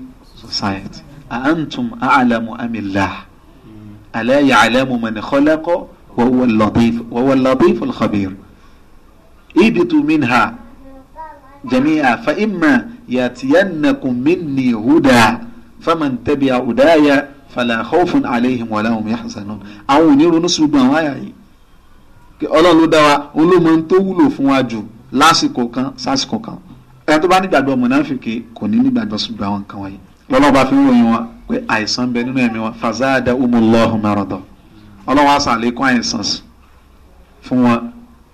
society àǹtùm àlàmù amìlá àlẹ́ yàlẹ́mù mẹ́ni kọ́lẹ́kọ́. وهو اللطيف وهو اللطيف الخبير اهبطوا منها جميعا فإما يأتينكم مني هدى فمن تبع هداي فلا خوف عليهم ولا هم يحزنون àwọn onírun ní ṣùgbọ́n àwọn àyà yìí ọlọ́run ló dá wa òun ló mọ ohun tó wúlò fún wa jù lásìkò kan sásìkò kan ẹni tó bá nígbàgbọ́ mọ̀nàfìkì kò ní nígbàgbọ́ ṣùgbọ́n àwọn nǹkan wọ̀nyí lọ́lọ́ba fi ń ròyìn wọn pé àìsàn bẹ nínú ẹ̀mí wọn fàzáàdà umulọ́hùn mẹ́rọ̀dọ̀ ọlọ́run á sàlékún àìsàn fún wọn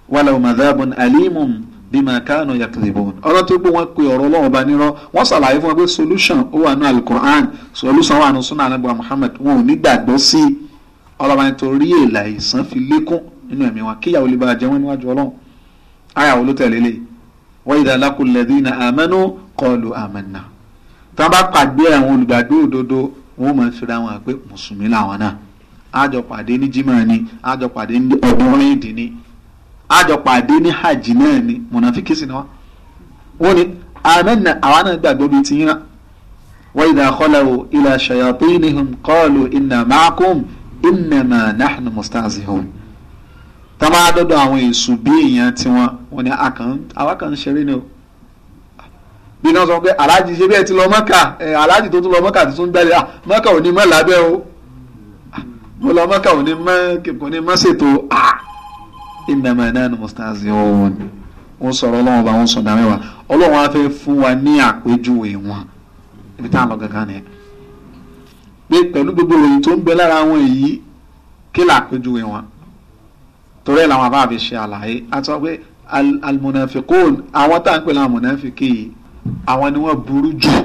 wàlẹ̀ madhabun alimun bima kanu yakdhibun ọ̀rọ̀ tó gbé wọn pe ọ̀rọ̀ ọlọ́run ọba nírọ́ wọ́n ṣàlàyé fún wọn pé solution ó wà ní alukur'an solution wà ní sunnah anabi muhammad wọn ò ní gbàgbọ́ sí i ọlọ́ba nítorí èèlà ìsàn fi lékún nínú ẹ̀mí wọn kíyàwó lè bá jẹ wọn níwájú ọlọ́run ayàwó ló bá pàdé àwọn olùgbàgbé òdodo wọn ò máa fira wọn pé mùsùlùmí làwọn náà àjọ pàdé ní jimá ni àjọ ní ọdún ni àjọ na ní hajj náà ni ni ti ila shayatinihim qalu inna ma'akum innama nahnu mustahzi'un. tàbá dọ́dọ̀ àwọn èṣù bí èèyàn tiwọn wọ́n ní àwa kan ń ṣeré ni o bí náà sọ pé ṣe bí ẹ ti lọ mọ́kà tó tún lọ mọ́kà tó tún ah, mọ́kà ò ní ọlọmọkà ò ní má kò ní má ṣètò à ìmẹ̀mẹ̀ náà ni mustazi ọ̀hún wọn sọ̀rọ̀ ọlọ́run ọba wọn sọ̀dá mẹ́wàá ọlọ́run á fẹ́ fún wa ní àpéjúwe wọn ibi tá à ń lọ gangan nìyẹn pé pẹ̀lú gbogbo ìròyìn tó ń bẹ lára wọn èyí kí là àpéjúwe wọn torí ẹ̀ làwọn abáàbí ṣe àlàyé àti wọn pé almunafikun àwọn tá à ń pè láwọn munafikun yìí àwọn ni wọ́n burú jù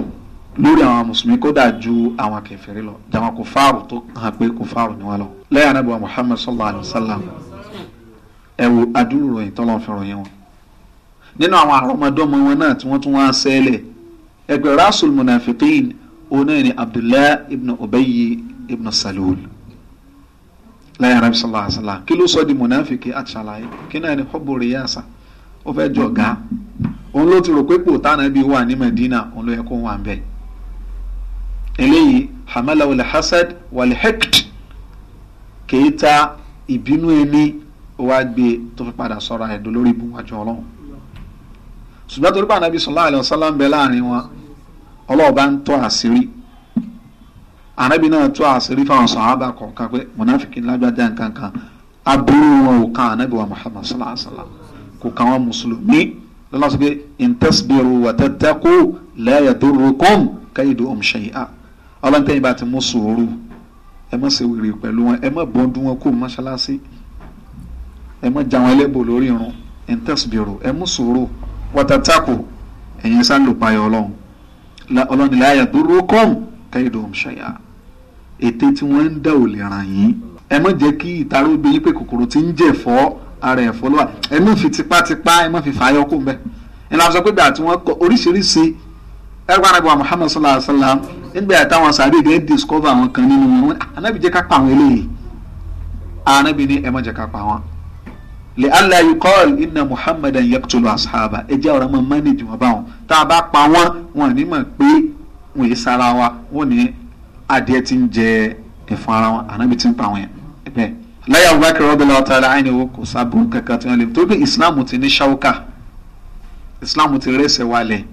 lórí àwọn mùsùlùmí kódà ju àwọn kèfèrí lọ jàwọn kò fáàrù tó hàn pé kò fáàrù ni wọn lọ lẹ́yìn anábìwá muhammed sallallahu alayhi wa sallam ẹ wo adúrú ròyìn tọ́lọ́ fi ròyìn wọn nínú àwọn àrọ́mọdọ́mọ wọn náà tí wọ́n tún wá sẹ́lẹ̀ ẹgbẹ́ rasul munafiqin onáyìn ni abdullahi ibn ubayyi ibn salul lẹ́yìn anábì sallallahu alayhi wa sallam kí ló sọ di munafiki àti kí náà ni hubbu riyasa ó fẹ́ jọ̀gá òun ló ti rò pé pòtánà bíi wà ní medina òun ló yẹ kó wà ń bẹ́ẹ̀ eléyìí hamala wal hasad wal hekt kìí ta ìbínú ẹni wá gbé tó fi padà sọ̀rọ̀ ẹ̀dùn lórí ibùn wájú ọlọ́run ṣùgbọ́n torí pàdánù bí sallallahu alaihi wasallam ń bẹ láàrin wọn ọlọ́run bá ń tọ́ àṣírí ànábì náà tọ́ àṣírí fáwọn sàhábà kọ̀ọ̀kan pé mùnáfíkì lágbájá nǹkan kan aburú wọn ò kan ànábì wa muhammad sallallahu alaihi wasallam kò kan wọn mùsùlùmí lọ́la sọ pé in tasbiru wa tattaqu la yadurrukum kaiduhum ọlọ́ntẹ́yìn bá ti mú sùúrù ẹ má ṣe wèrè pẹ̀lú wọn ẹ má bọ́ndún wọn kó mọ́ṣáláṣí ẹ má já wọn ẹlẹ́bò lórí irun ẹ̀ ń tẹ̀síbìrò ẹ mú sùúrù wọ́tàtàkù ẹ̀yin sá lò payọ̀ ọlọ́run ọlọ́run ilẹ̀ ayà tó rókọ́m kẹ́hìndó ṣàyà ète tí wọ́n ń dà ò lè ràn yín ẹ má jẹ́ kí ìtara obìnrin pé kòkòrò ti ń jẹ̀fọ́ ara ẹ̀fọ́ lọ́wọ́ ẹ má fi tipátipá ẹ má fi fàáyọ́ kó mbẹ́ ẹ lọ́ sọ pé bí àti kọ oríṣiríṣi ẹ̀rọ àrẹ bọ̀ Muhammad sallallahu alayhi wa sallam nígbà táwọn sàbẹ̀ gẹ̀ discover àwọn kan nínú wọn anábì jẹ́ ká pa àwọn eléyìí anábì ní ẹ̀ má jẹ́ ká pa wọn. lè allah yìí kọ́ọ̀lù iná Muhammadan yaqtulu ashaba ẹ jẹ́ ọ̀rọ̀ mọ́ manage wọn báwọn tá a bá pa wọn wọn ò ní mọ̀ pé wọn yìí sara wa wọn ní adìẹ ti ń jẹ ẹ̀fọn ara wọn anábì ti ń pa wọn yẹn bẹ́ẹ̀ abubakar rọ́bìlà ọ̀tá ara ẹni wo kò sábò kankan tí wọ́n lè torí islam ti ní ṣáwùkà islam ti rẹ́sẹ̀ wálẹ̀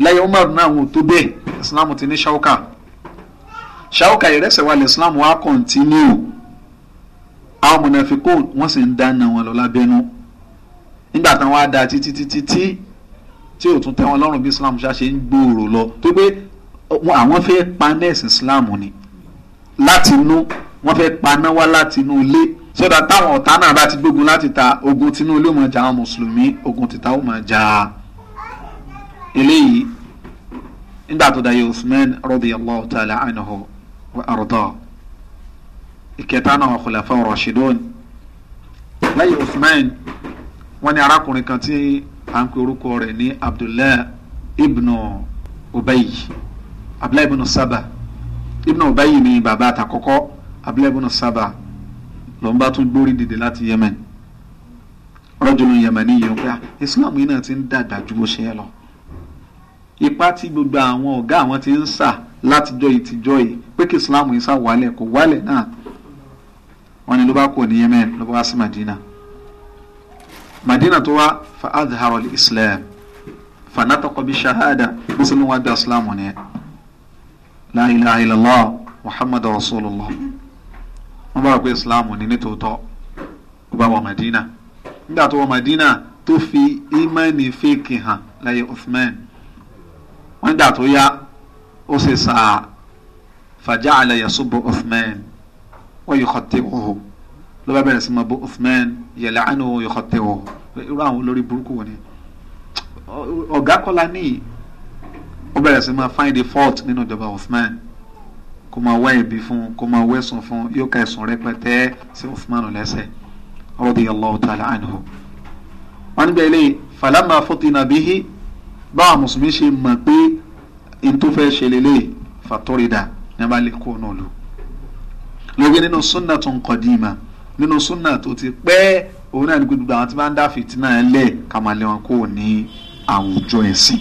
láyé Umar náà wọn ò tó bẹ́ẹ̀ Islam ti ní ṣáúkà ṣáúkà ìrẹsẹ̀ wa lè Islam wa kọ̀ǹtínú àwọn mọ̀nàfíkò wọ́n sì ń dáná wọn lọ lábẹ́nú nígbà táwọn á da títí títí tí tí ò tún tẹ́ wọn lọ́rùn bí Islam ṣáṣe ń gbòòrò lọ tó pé àwọn fẹ́ panẹ́ẹ̀sì Islam ni láti inú wọ́n fẹ́ paná wá láti inú ilé sódà táwọn ọ̀tá náà bá ti gbógun láti ta ogun tinú ilé ó máa jà àwọn mùsùlùmí ogun tìta ó máa jà eléyìí nígbà tó dayé usman radiyallahu ta'ala anhu wa arda ìkẹta náà khulafa rashidun lẹ́yìn usman wọ́n ní arákùnrin kan tí à ń pe orúkọ rẹ̀ ní abdullahi ibnu ubayi abdullahi ibnu saba ibnu ubayi ni bàbá àtàkọ́kọ́ abdullahi ibnu saba ló ń bá tún gbórí dìde láti yemen rajulun yamani yìí ń pẹ́ ah, islam yìí náà ti ń dàgbà ju bó ṣe é lọ. ipá tí gbogbo àwọn ọ̀gá àwọn ti ń sà látijọ́ ìtijọ́ yìí pé kí islam yìí sá wálẹ̀ kò wálẹ̀ náà wọ́n ní ló bá ní yemen ló bá wá sí madina madina tó wá fa islam fa nataqa shahada mùsùlùmí wa gba islam ni la ilaha illallah muhammadu rasulullah wọ́n bá wà pé ni nítòótọ́ ó bá wà madina nígbà tó wà madina tó fi imani fèkì hàn láyé uthman wọ́n dà tó yá ó sì sa faja'ala yasubbu Uthman wa yukhati'uhu ló bá bẹ̀rẹ̀ sí ma bú Uthman yal'anuhu yukhati'uhu irú àwọn olórí burúkú wọn ni ọ̀gá kọ́lá níyì ó bẹ̀rẹ̀ sí ma find a fault nínú ìjọba Uthman kó máa wá ẹ̀bi fún kó máa wẹ̀sùn fún yóò ka ẹ̀sùn rẹpẹtẹ sí Uthman lẹ́sẹ̀ radiyallahu ta'ala anhu. wọ́n níbẹ̀ ilé falamma futina báwa mùsùlùmí ṣe mọ̀ pé n tó fẹ́ ṣe lélẹ̀ fàtọ́rìdà ní abá lè kó náà lò lórí nínú súnà tó ń kọ́dìmà nínú súnà tó ti pẹ́ òun náà ní gbogbo àwọn tí wọ́n dá fìtínà lẹ̀ kàmálẹ̀ wọn kò ní àwùjọ ẹ̀sìn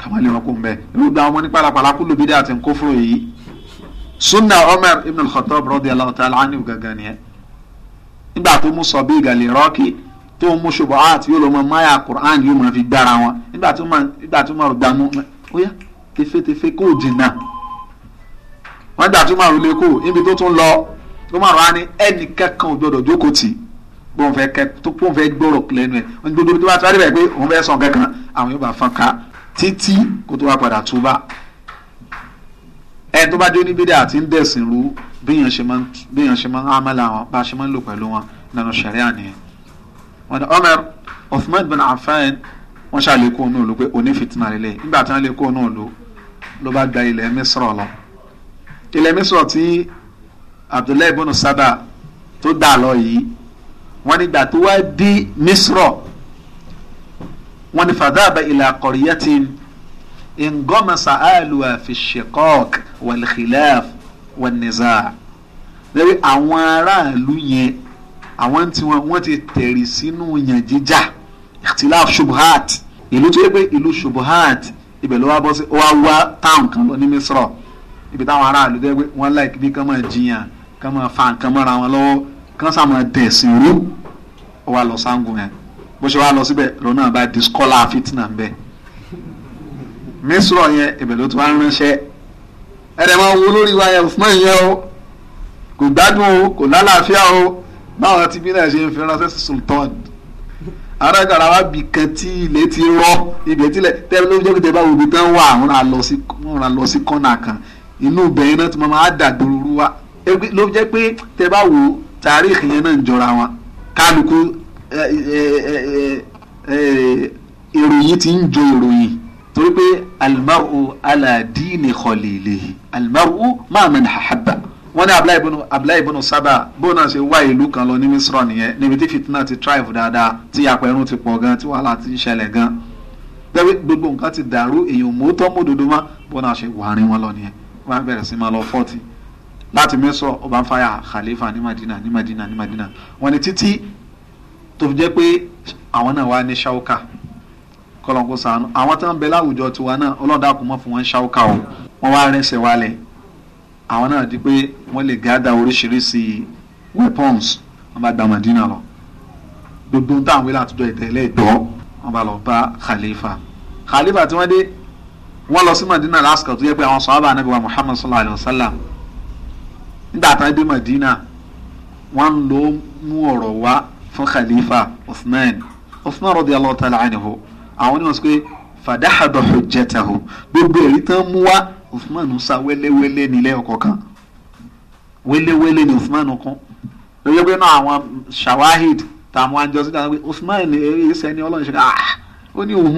kàmálẹ̀ wọn kò ń bẹ̀ gbogbo àwọn ní pàlàpàlà kú lóbi dé àti nkófòrò yìí súnà Umar ibn al-Khattab radiyallahu ta'ala anhu gàgàn nìyẹn tó ń mú ṣubuhat ah, yóò lọ mọ máyà Qur'an yóò máa fi gbára wọn nígbà tó máa nígbà tó máa gbanú ó yá tefetefe kó dènà wọn gbà tó máa rò lé kó ibi tó tún lọ tó máa rò á ní ẹnì kankan ò gbọdọ̀ jókòó tì í bó ń fẹ́ kẹ tó bó ń fẹ́ gbọ́rọ̀ lẹ́nu ẹ̀ wọ́n gbogbo tó bá tó wá pé òun fẹ́ sàn kankan àwọn yóò bá fọn ká títí kó tó wá padà tó bá ẹ tó bá dé oníbídà àti ń dẹ̀sìn rú bí èèyàn ṣe máa ń hámẹ́lá wọn bá ṣe máa ń lò pẹ̀lú wọn nínú ṣẹ̀ríà nìyẹn wọ́n ní Umar Uthman bin Affan wọ́n ṣàlékún náà ló pé onífìtínà lélẹ̀ nígbà tí wọ́n lékún náà ló ló bá gba ilẹ̀ Misra lọ ilẹ̀ Misra tí Abdullahi ibn Saba tó dà lọ yìí wọ́n nígbà tó wá dé Misra wọ́n ní fadhaba ila qaryatin ingomasa aluwa fi shiqaq wal khilaf wal nizaa lórí àwọn aráàlú yẹn àwọn tí wọn wọn ti tẹ̀rì sínú yàn jíjà ìtìlá ṣubuhat ìlú tó yẹ pé ìlú ṣubuhat ibẹ̀ ló wá bọ́ sí wá wá táwọn kan lọ ní misrọ̀ ibi táwọn aráàlú tó yẹ pé wọ́n láì bí kán máa jiyàn kán máa fa nǹkan mọ́ra wọn lọ́wọ́ kán sá máa dẹ̀sìn rú ó wá lọ sango yẹn bó ṣe wá lọ síbẹ̀ lòun bá di skọ́lá fitinà ń misrọ̀ yẹn ibẹ̀ ló ti wá ránṣẹ́ ẹ̀rẹ̀ máa wo lórí wa yẹn Usman yẹn o kò gbádùn o kò lálàáfíà o báwọn tí bí náà ṣe ń fi ránṣẹ́ sí sultan arákàrà wa bì kan tí ilẹ̀ ti rọ́ ibẹ̀ tí tẹ́lẹ̀ ló jẹ́ pé tẹ́lẹ̀ bá wo ibi tán wà wọ́n ra lọ sí kọ́nà kan inú ibẹ̀ yẹn náà tí wọ́n máa dàgbòrò wa ló jẹ́ pé tẹ́lẹ̀ bá wo tàríìkì yẹn náà ń jọra wọn kálukú ìròyìn ti ń jọ ìròyìn torí pé alimaru aladini kọlìlì alimaru máa mẹ́ni àhàbà wọ́n ní abdullahi ibùnú abdullahi ibùnú sábà bóun náà ṣe wá ìlú kan lọ ní misra nìyẹn níbi tí fìtínà ti tribe dáadáa tí apẹ̀rún ti pọ̀ gan tí wàhálà ti ṣẹlẹ̀ gan gbogbo nǹkan ti dàrú èèyàn mọ́tọ́ mọ́dodo má bóun náà ṣe wà rìn wọn lọ nìyẹn wọ́n á bẹ̀rẹ̀ sí máa lọ fọ́ọ̀tì láti misra ọba ń fàyà khalifa ní madina ní madina ní madina wọ́n ní títí tó fi jẹ́ pé àwọn náà wá ní ṣáúkà kọlọ́ńkó sànù àwọn tó ń bẹ láwùjọ tiwa náà ọlọ́dà kò mọ̀ fún wọn ṣáúkà o wọ́n wá rẹ́sẹ̀ wálẹ̀ àwọn náà di pé wọ́n lè gádà oríṣiríṣi weapons wọ́n bá gba Madina lọ gbogbo táwọn wíwá àtijọ́ ìtẹ̀lẹ́ ìtọ́ wọ́n bá lọ bá khalifa khalifa tí wọ́n dé wọ́n lọ sí Madina lásìkò tó yẹ pé àwọn sọ̀hábà anabi wa Muhammad sallallahu alayhi wa sallam nígbà tá a dé Madina wọ́n lọ mú ọ̀rọ̀ wá fún khalifa Uthman Uthman radiyallahu ta'ala anhu àwọn ni sọ pé fàdáhàdọ̀ hujjatahu gbogbo èyí tán mú wá Usman sá wéléwélé ní lẹ́yọ̀ kọ̀ọ̀kan wéléwélé ní Usman kún lóye pé náà àwọn shawahid tàwọn àjọ sí dáadáa pé Usman eré sẹni ọlọ́run ṣe ká ah, ó ní òun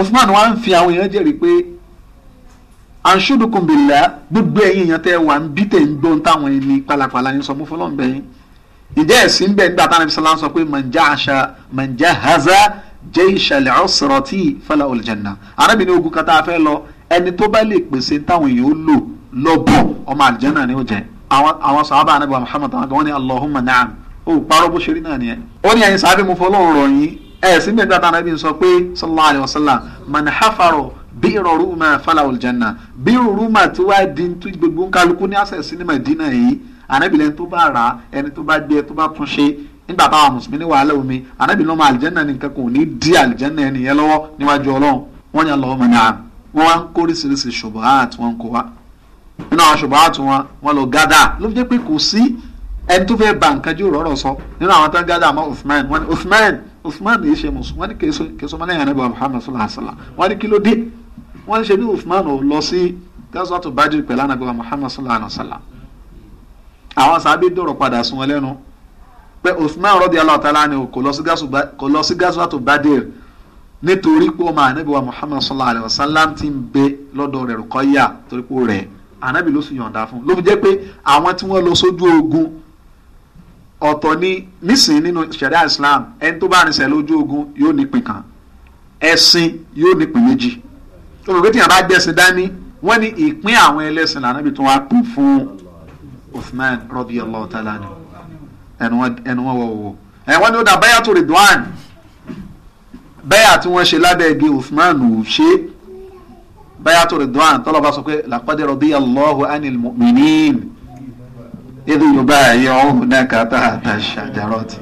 Usman wa ń fi àwọn èèyàn jẹ́rìí pé anṣudukunbila gbogbo ẹ̀yin èèyàn tẹ́ wà ń bí tẹ̀ ń gbọ́n táwọn ẹni pálapàla ń sọ mú fọlọ́ǹbẹ̀yìn ìjẹ́ ẹ̀sìn bẹ́ẹ̀ nígbà táwọn ẹ̀sìn láǹsọ pé manja haza jẹ́ ìṣẹ̀lẹ̀ ọ̀sọ̀rọ̀ tí fẹ́lẹ̀ olùjẹ̀nà arábìnrin ogun kan tá a fẹ́ lọ ẹni tó bá lè pèsè táwọn èèyàn ó lò lọ́bọ̀ ọmọ àlùjànnà ni ó jẹ́ àwọn sàhábà anábìwá Muhammad wọn ni Allahumma na'am ó parọ́ bó ṣe rí náà nìyẹn. ó ní ẹ̀yin sàábì mo fọlọ́run rọ̀ yín ẹ̀ sí mẹ́ta tàbí anábì sọ pé sallallahu alayhi wa sallam man hafaro bí ìrọ̀rù ma falawul janna bí ìrọ̀rù ma ti wá di tu gbogbo kálukú ní àṣẹ sí ní Madina yìí anábì lẹ́ni tó bá rà ẹni tó bá gbé tó bá tún ṣe nígbà táwọn mùsùlùmí ní wàhálà omi anábì lọ́mọ àlìjẹ́nà nìkan kò ní di àlìjẹ́nà ẹni yẹn lọ́wọ́ níwájú ọlọ́run wọ́n yàn lọ́wọ́ mọ̀ náà wọ́n wá ń kó oríṣiríṣi ṣubuhat wọ́n ń kó wá nínú àwọn ṣubuhat wọn wọ́n lọ gádà ló fi jẹ́ pé kò sí ẹni tó fẹ́ ba nǹkan jù rọ̀rọ̀ sọ nínú àwọn tó ń gádà mọ́ Uthman wọ́n ní Uthman Uthman yìí ṣe mùsùlùmí wọ́n ní kèso mọ́lẹ́yìn ànábì Muhammad sallallahu alayhi wa sallam wọ́n ní kí ló dé wọ́n ṣe bí Uthman ò lọ sí gazwatu Badr pẹ̀lú ànábì Muhammad sallallahu alayhi wa sallam àwọn sábẹ́ dọ̀rọ̀ padà sun wọn lẹ́nu pé Uthman radiyallahu ta'ala ni nítorí pé ọmọ ànábì wa muhammad sallallahu alayhi wa sallam ti ń bẹ lọ́dọ̀ rẹ̀ Ruqayya torí pé rẹ̀ ànábì ló sì yọ̀ǹda fún un ló fi jẹ́ pé àwọn tí wọ́n lọ sójú ogun ọ̀tọ̀ ni nísìnyí nínú sharia islam ẹni tó bá rinṣẹ́ lójú ogun yóò nípìn kan ẹ̀sìn yóò nípìn méjì olùgbé tí yàrá bá gbẹ̀sìn dání wọ́n ní ìpín àwọn ẹlẹ́sìn lànàbì tó wá pín fún Uthman radiyallahu ta'ala ẹnu wọn wọ̀ wọ̀ ẹ̀ wọ́n ní ó dà bayatu ridwan bẹ́yà tí wọ́n ṣe lábẹ́ igi Uthman ò ṣe bẹ́yà tó Ridwan tọ́lọ́ba sọ pé laqad radiyallahu anil mu'minin idh yubayi'unaka tahta ash-shajarati.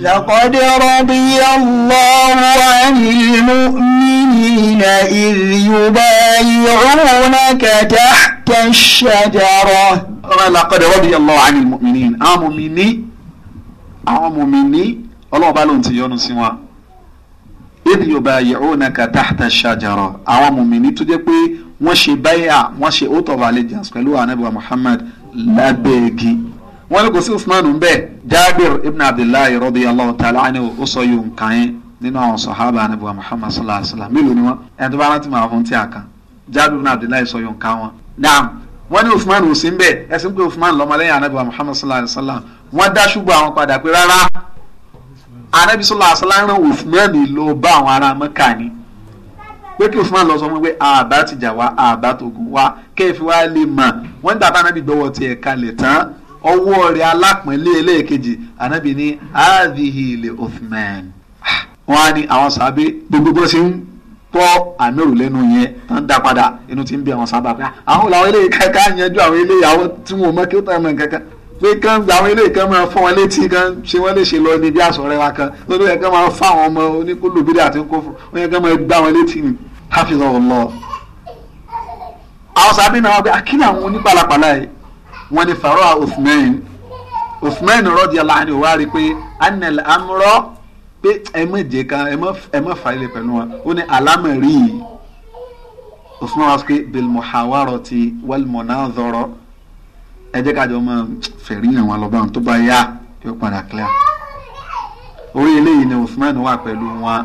لقد رضي الله عن المؤمنين إذ يبايعونك تحت الشجرة لقد رضي الله عن المؤمنين àwọn mùmíní àwọn mùmíní ọlọ́ọ̀bá ló ń ti idh yubayi'unaka tahta ash-shajara àwọn mùmíní tó jẹ́ pé wọ́n ṣe báyà wọ́n ṣe oath of allegiance pẹ̀lú anabi wa muhammad lábẹ́ igi wọ́n ní kò sí usman ń bẹ jabir ibn abdullahi radiyallahu ta'ala anhu ó sọ yóò kàn yín nínú àwọn sọ̀hábà anabi wa muhammad sallallahu alayhi wa sallam mélòó ni wọ́n ẹni tó bá rántí màá fún tí a kan jabir ibn abdullahi sọ yóò kàn wọn. naam wọ́n ní usman ò sí ń ẹ̀sìn pé usman lọ́mọlẹ́yìn anabi wa muhammad sallallahu alayhi wa sallam wọ́n dá ṣùgbọ́n àwọn padà pé rárá anabi sọlá asọlá ràn òfúnmẹ́ni lọ bá àwọn ará mọ́kà ni pé kí òfúnmẹ́ni lọ sọ fún pé àbá ti jà wá àbá tògùn wá kẹ́ẹ̀fì wá lè mọ̀ wọ́n dàbá anabi gbọ́wọ́ tiẹ̀ kalẹ̀ tán ọwọ́ rẹ̀ alápọ̀nlé ẹlẹ́ẹ̀kejì anabi ní àdìhì lè òfúnmẹ́ni. wọ́n á ní àwọn sàbẹ̀ gbogbo bó ṣe ń pọ́ àmẹ́rù lẹ́nu yẹn tó ń dá padà inú ti ń bí àwọn sábà pé àwọn làwọn eléyìí kankan yanjú àwọn eléyìí àwọn tí wọn mọ kí ó tàn mọ́ kankan pé kán gba àwọn ilé kan máa fọ́ wọn létí kan ṣe wọ́n lè ṣe lọ ní bí àsọ̀rẹ́ wa kan lórí ẹ̀ka máa fọ́ àwọn ọmọ oníkólóbìrì àti nkófò wọ́n yẹ kán máa gbá wọn létí ni hafiz Allah. àwọn sábẹ́ náà wọ́n gbé akínà ah, àwọn onípalapàla yìí wọ́n ní farao Uthman Uthman radiyallahu anhu wá rí pé anel amúrọ́ pé ẹ mọ̀ jẹ́ kan ẹ mọ̀ fà pẹ̀lú wọn ó ní ẹ jẹ́ kájọ ọmọ fẹ̀ríyàn wọn lọ́ba tó bá yá yóò padà clear orí eléyìí ni Usman wà pẹ̀lú wọn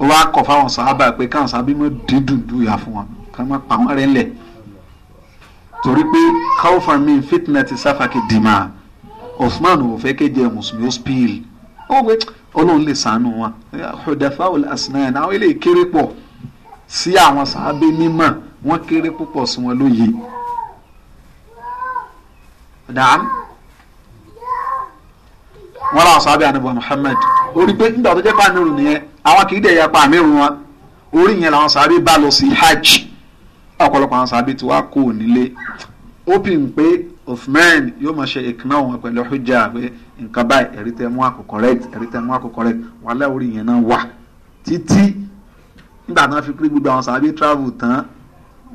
ó wá kọ̀ fáwọn sàábà pé káwọn sàábì mọ́ dídùn dùyà fún wọn ká má pa wọn rẹ̀ ńlẹ̀ torí pé káwọ́fà mi fitna ti sáfàkì dìmà Usman ò fẹ́ kéje mùsùlùmí ó spill ó gbé ọlọ́run lè sànù wọn hudafa ul asnan àwọn eléyìí kéré pọ̀ sí àwọn sàábì mímọ̀ wọ́n kéré púpọ̀ sí wọn lóye. نعم، wọn làwọn sábẹ́ ànábọ̀ Muhammad orí pé nígbà tó jẹ́ pa àmì rùn nìyẹn àwọn kì í dẹ̀ ya pa àmì rùn wọn orí yẹn làwọn sábẹ́ bá lọ sí hajj ọ̀pọ̀lọpọ̀ àwọn sábẹ́ tí wàá kó nílé ó pì ń pé Uthman yóò máa ṣe ìkànnà òun pẹ̀lú hujja pé nǹkan báyìí ẹ̀rí tẹ́ mú àkókò rẹ̀ ẹ̀rí tẹ́ mú àkókò rẹ̀ wàhálà orí yẹn náà wà títí nígbà tí wọ́n fi pé gbogbo àwọn sábẹ́ travel tán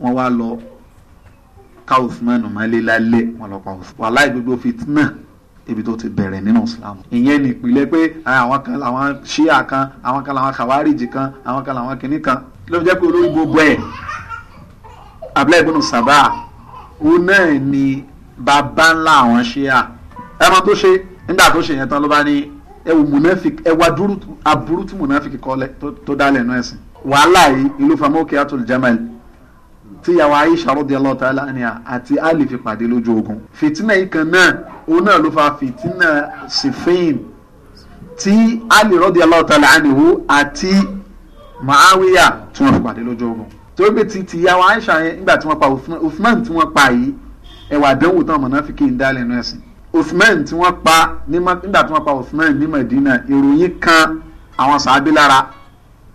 wọ́n wá lọ ká usman mọ́lé lálẹ́ wọn lọ pa usman wàláì gbogbo fitna ibi tó ti bẹ̀rẹ̀ nínú islam ìyẹn ni ìpìlẹ̀ pé ah, àwọn kan làwọn ṣíà kan àwọn kan làwọn kàwárìjì kan àwọn kan làwọn kìnnì kan ló jẹ́ pé olórí gbogbo abúlé ìbùnú sábà òun náà ni bàbá ńlá àwọn ṣíà ẹ mọ tó ṣe nígbà tó ṣe yẹn tán ló bá ní ẹ wò munafik dúró aburú tí munafik kọ́ tó dálẹ̀ náà ẹ̀sìn wàhálà yìí ìlú famókè àtúndì jamal tí yàwó Aisha radiyallahu ta'ala anha àti Ali fi pàdé lójú ogun fìtínà yìí kan náà òun náà ló fa fìtínà Siffin tí Ali radiyallahu ta'ala anhu àti Muawiya tí wọ́n fi pàdé lójú ogun torí pé ti ti yàwó Aisha yẹn nígbà tí wọ́n pa Uthman tí wọ́n pa yìí ẹwà àdánwò táwọn mùnáfíkì ń dá lẹ́nu ẹ̀sìn Uthman tí wọ́n pa nígbà tí wọ́n pa Uthman ní Madina ìròyìn kan àwọn sàábí lára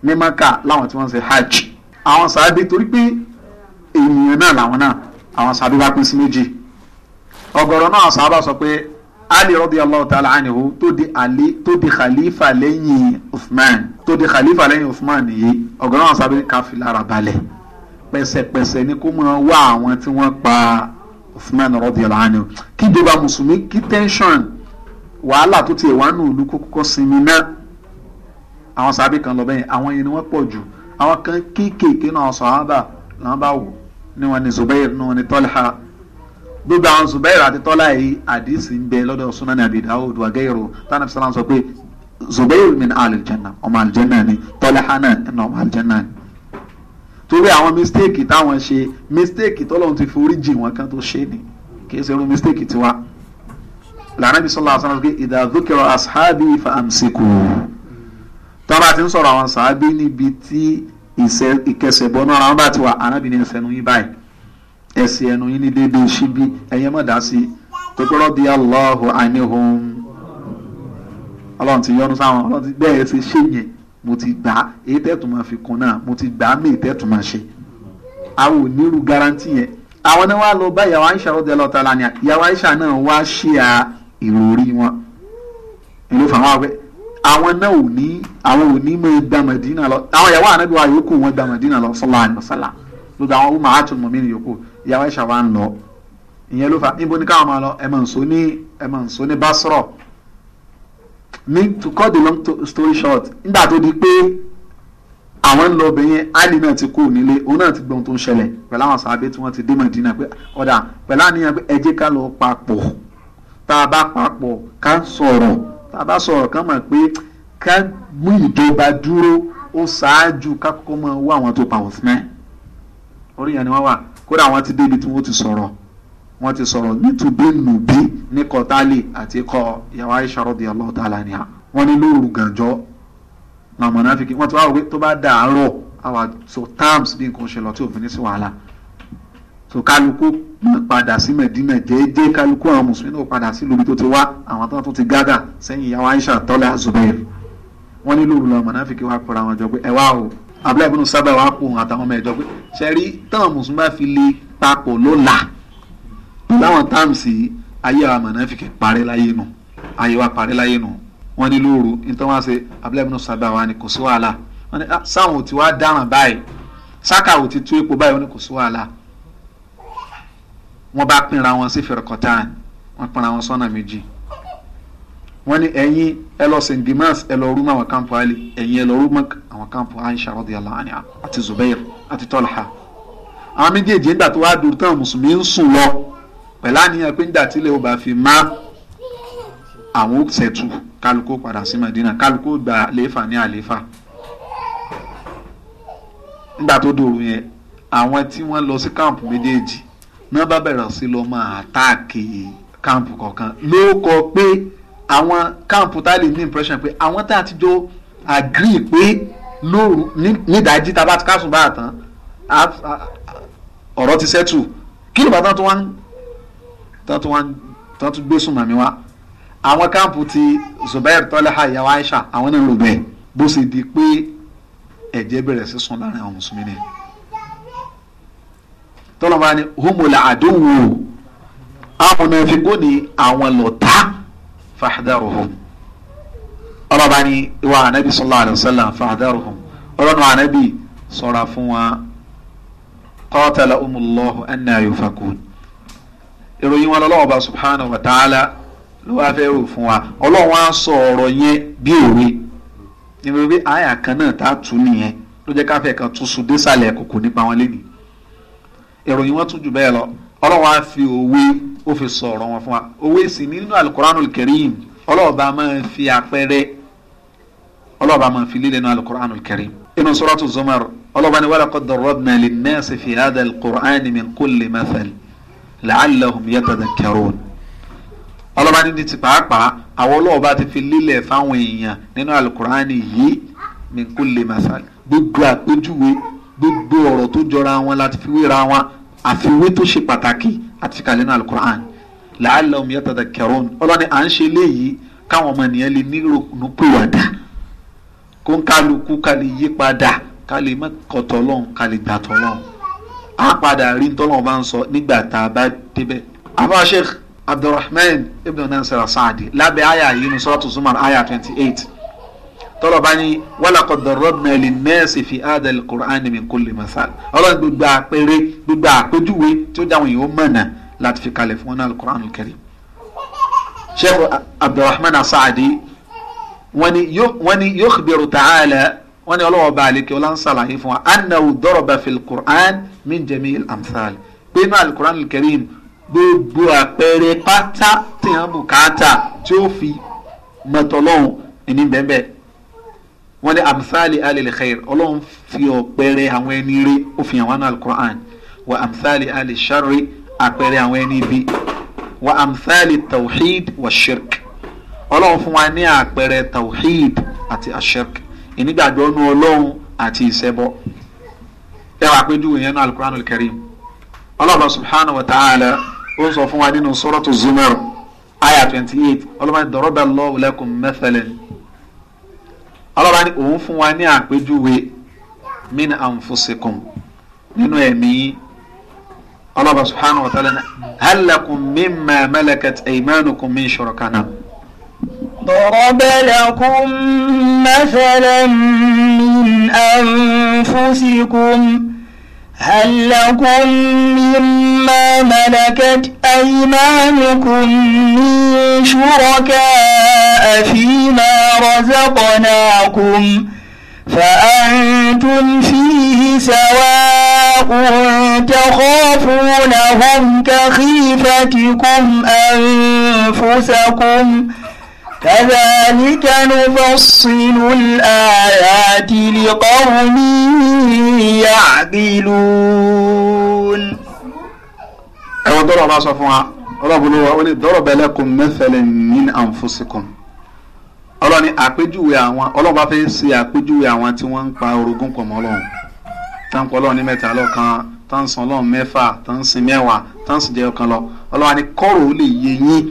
ní Maka láwọn tí wọ́n ṣe hajj àwọn sàábí torí pé ènìyàn náà làwọn náà àwọn sàbí bá pín sí méjì ọ̀gọ̀rọ̀ náà sábà sọ pé ali radiyallahu ta'ala anhu tó di ali tó di khalifa lẹ́yìn uthman tó di khalifa lẹ́yìn uthman yìí ọ̀gọ̀rọ̀ náà sábà ká fi lára balẹ̀ pẹ̀sẹ̀pẹ̀sẹ̀ ni kó máa wá àwọn tí wọ́n pa uthman radiyallahu anhu kí ìjọba mùsùlùmí kí tẹ́ńsọ̀n wàhálà tó ti wà nù ìlú kókó sinmi náà àwọn sábà kan lọ bẹ́yìn àwọn yẹn ni wọ́n pọ̀ jù àwọn kan kéékèèké náà sọ̀hábà làwọn bá wò ní wọn ni Zubair ní wọn ni Talha gbogbo àwọn Zubair àti Talha yìí àdìsí ń bẹ lọ́dọ̀ Sunan Abi Dawud wa gairu tánà fi sàlám sọ pé Zubair min aljanna ọmọ aljanna ni Talha náà ẹnà ọmọ aljanna ni torí àwọn mistake táwọn ṣe mistake tọ́lọ́run ti forí jì wọn kan tó ṣe ni kì í ṣe irú mistake tiwa lànàbí sọlá àṣà náà idha dhukira ashabi fa amsiku tọ́ba ti ń sọ̀rọ̀ àwọn sàábí níbi tí ìkẹsẹ̀bọ́nú ara wọn bá ti wà arábìnrin ẹsẹ̀ ẹnu yín báyìí ẹsẹ̀ ẹnu yín ní déédéé síbí ẹ̀yẹ mọ̀ dá sí pẹ̀pẹ́rọ́ bíi Allahu anihum ọlọ́run ti yọ́nú sáwọn ọlọ́run ti bẹ́ẹ̀ ṣe ṣe yẹn mo ti gbà á èyí tẹ́tù máa fi kun náà mo ti gbà á mí tẹ́tù máa ṣe àwọn onírú garanti yẹn àwọn ni wàá lọ bá ìyàwó Aisha rọ́dẹ̀ lọ́ta lánàá ìyàwó Aisha náà wá ṣíà ìròrí wọn ìlú fàwọn àgbẹ̀ àwọn náà ò ní àwọn ò ní máa gba Madina lọ àwọn ìyàwó ànábi wa yòókù wọn gba Madina lọ sallallahu alaihi wasallam lóbi àwọn ọmọ àti ọmọ mi ni yòókù ìyàwó ẹ̀ṣà wa ń lọ ìyẹn ló fà níbo ni káwọn máa lọ ẹ̀ máa ń so ní ẹ̀ máa ń so ní Basra mi to cut the long story short nígbà tó di pé àwọn ń lọ ọbẹ̀ yẹn ali náà ti kú nílé òun náà ti gbọ́n tó ń ṣẹlẹ̀ pẹ̀lú àwọn sàbẹ̀ tí wọ́n ti dé Madina pé ọ̀dà pẹ̀lú àníyàn pé ẹ jẹ́ ká lọ papọ̀ tá a bá papọ̀ ká sọ̀rọ̀ tá a bá sọ̀rọ̀ kan mọ̀ pé ká mú ìjọba dúró ó ṣáájú ká kọ́kọ́ mọ̀ wá àwọn tó pa Uthman orí yẹn ni wọ́n wà kódà wọ́n ti débi tí wọ́n ti sọ̀rọ̀ wọ́n ti sọ̀rọ̀ nítubí nùbí ní kọ́tálì àti kọ́ ìyàwó Aisha radiyallahu ta'ala anha wọ́n ní lóru gànjọ́ làmọ̀nà wọ́n ti wá wọ́n pé tó bá dàárọ̀ àwọn so terms bí nǹkan ṣe lọ tí òfin ní sí wàhálà so kaluku náà padà sí mẹ̀dínà jẹ́ẹ́jẹ́ kálukú àwọn mùsùlùmí náà padà sí lóbi tó ti wá àwọn tó tún ti gádà sẹ́yìn ìyàwó Aisha Tọ́lá Zubair wọ́n ní lóru lọ́mọ náà fi kí wá kọ́ra wọn jọ pé ẹ wá o abúlé ìbínú sábà wà kó àtàwọn ọmọ ẹ̀jọ́ pé ṣẹ́rí táwọn mùsùlùmí bá fi lè papọ̀ lọ́la láwọn táàmùsì ayé wa mọ̀nà fi kẹ́ láyé nù ayé wa parẹ́ láyé nù wọ́n ní lóru nítorí wọ́n ṣe abúlé ah, ìbínú wọ́n bá pinra wọn sí fẹ̀rẹ̀kọ̀tàn wọ́n pinra wọn sọ́nà méjì wọ́n ní ẹ̀yin ẹ lọ St. Dimas ẹ lọ rúmọ àwọn kámpu Ali ẹ̀yin ẹ lọ rúmọ àwọn kámpu Aisha radiyallahu anha àti Zubair àti Talha àwọn méjèèjì ń dà tó wá dùn tán mùsùlùmí ń sùn lọ pẹ̀lú àníyàn pé ń dà ọba fi má àwọn ó kálukó padà sí Madina kálukó gba àlééfà ní àlééfà nígbà tó dòrò yẹn àwọn tí wọ́n lọ sí kámpu méjèèjì náà bá bẹ̀rẹ̀ sí lọ máa àtáàkì káàmpù kọ̀ọ̀kan ló kọ pé àwọn káàmpù tá a lè ní impression pé àwọn tá a ti jọ agree pé lóru nídàájí tá a bá ti kásùn báyà tán ọ̀rọ̀ ti sẹ́tù kí ìbá tán tún wá tán tún wá tán tún gbé sùnmọ̀mí wá àwọn káàmpù ti Zubair Tọ́lẹ́hà ìyàwó Aisha àwọn náà lò bẹ́ẹ̀ bó ṣe di pé ẹ̀jẹ̀ bẹ̀rẹ̀ sí sun láàrin àwọn mùsùlùmí nìyẹn tọ́lọ́ bá ní humul aduwu àwọn mọ̀nàfikún ni àwọn lọ́tà fahdaruhum ọlọ́ba ní ìwà ànábì sallallahu alayhi wa sallam fahdaruhum ọlọ́nu ànábì sọ̀ra fún wa qatala umullahu anna yufakun ìròyìn wọn lọ́wọ́ ọba subhanahu wa ta'ala ló wá fẹ́ rò fún wa ọlọ́run á sọ ọ̀rọ̀ yẹn bí òwe níbi àyà kan náà tá a tù nìyẹn ló jẹ́ káfẹ́ kan tún sùn désàlẹ̀ kòkò nípa wọn lénìí ìròyìn wọn tún jù bẹ́ẹ̀ lọ ọlọ́run á fi òwe ó fi sọ̀rọ̀ wọn fún wa òwe sì nínú alukoranu kẹrìm ọlọ́ọ̀bá máa fi àpẹẹrẹ ọlọ́ọ̀bá máa fi lílẹ̀ nínú alukoranu kẹrìm inú suratu zumar ọlọ́ọ̀bá ni walaqad darrabna linnasi fi hadha alukorani min kulli mathal la'allahum yatadhakkarun ọlọ́ọ̀bá ni ní ti pàápàá àwọn ọlọ́ọ̀bá ti fi lílẹ̀ fáwọn èèyàn nínú alukorani yìí min kulli mathal gbogbo àpéjúwe gbogbo ọ̀rọ̀ tó jọra wọn láti fi wéra wọn àfiwé tó ṣe pàtàkì àti kàlẹ́ náà alukur'an la'allahum yatadhakkarun ọlọ́ni à ń ṣe léyìí káwọn ọmọ nìyẹn lè níròkùnú pè wá dà kó ń kálukú ká lè yí padà ká lè má kọ̀tọ̀ lọ́hùn ká lè gbàtọ̀ lọ́hùn á padà rí tọ́lọ́hùn bá ń sọ nígbà tá a bá débẹ̀. àbá sheikh abdulrahman ibn nasir asadi lábẹ́ àyà yìí ní suratu zumar àyà twenty eight tọ́lọ̀ bá ní walaqad darabna linnasi fi hadhal qur'ani min kulli masal ọlọ́run gbogbo àpẹẹrẹ gbogbo àpẹjúwe tí ó dáwọn èèyàn mọ̀nà láti fi kalẹ̀ fún wọn al-Qur'an al-Karim. sheikh abdulrahman asaadi wọ́n ní yukhbiru ta'ala wọ́n ní ọlọ́wọ́ bá àlekè ọlá ń sàlàyé fún wa annahu daraba fil qur'an min jami'il amthal pé inú al-Qur'an gbogbo àpẹẹrẹ pátá tí wọ́n tí ó fi mọ̀tọ́lọ́hùn ìní bẹ́ẹ̀ bẹ́ẹ̀ wọ́n ní amsali alil khair ọlọ́run fi ọ̀pẹ̀rẹ̀ àwọn ẹni rí ó fi hàn wá ní alukur'an wa amsali alil sharri àpẹ̀rẹ̀ àwọn ẹni bí wa amsali tawhid wa shirk ọlọ́run fún wa ní àpẹ̀rẹ̀ tawhid àti ashirk ìnígbàgbọ́ nu ọlọ́run àti ìṣẹ́bọ ẹ wàá pé júwèé yẹn ní alukur'an alkarim ọlọ́run subhanahu wa ta'ala ó sọ fún wa nínú suratu zumar ayah twenty eight ọlọ́run dọ̀rọ̀bẹ̀ lọ́wọ́ lakum mathalan ọlọ́ba ní òun fún wa ní àpèjúwe min anfusikum nínú ẹ̀mí yín ọlọ́ba subhanahu wa ta'ala ní halakum mimma malakat aymanukum min shurakana. ضرب لكم مثلا من أنفسكم هل لكم مما ملكت أيمانكم من شركاء فيما رزقناكم فأنتم فيه سواء تخافونهم كخيفتكم أنفسكم كذلك نفصل الآيات لقوم يعقلون ẹ̀wọ̀n dọ́rọ̀ bá sọ fún wa ọlọ́bùnú wa ó ní dọ́rọ̀ bẹ́ẹ̀ lẹ́kùn mẹ́fẹ̀lẹ́ min anfusikum ọlọ́ni àpéjúwe àwọn ọlọ́run bá fẹ́ ṣe àpéjúwe àwọn tí wọ́n ń pa orogún pọ̀ mọ́ ọlọ́run tá ń pọ̀ ọlọ́run ní mẹ́ta lọ́kan tá ń san ọlọ́run mẹ́fà tá ń sin mẹ́wàá tá ń sin jẹ́ ọ̀kan lọ ọlọ́run á ní kọ́rọ̀ ó lè yé yín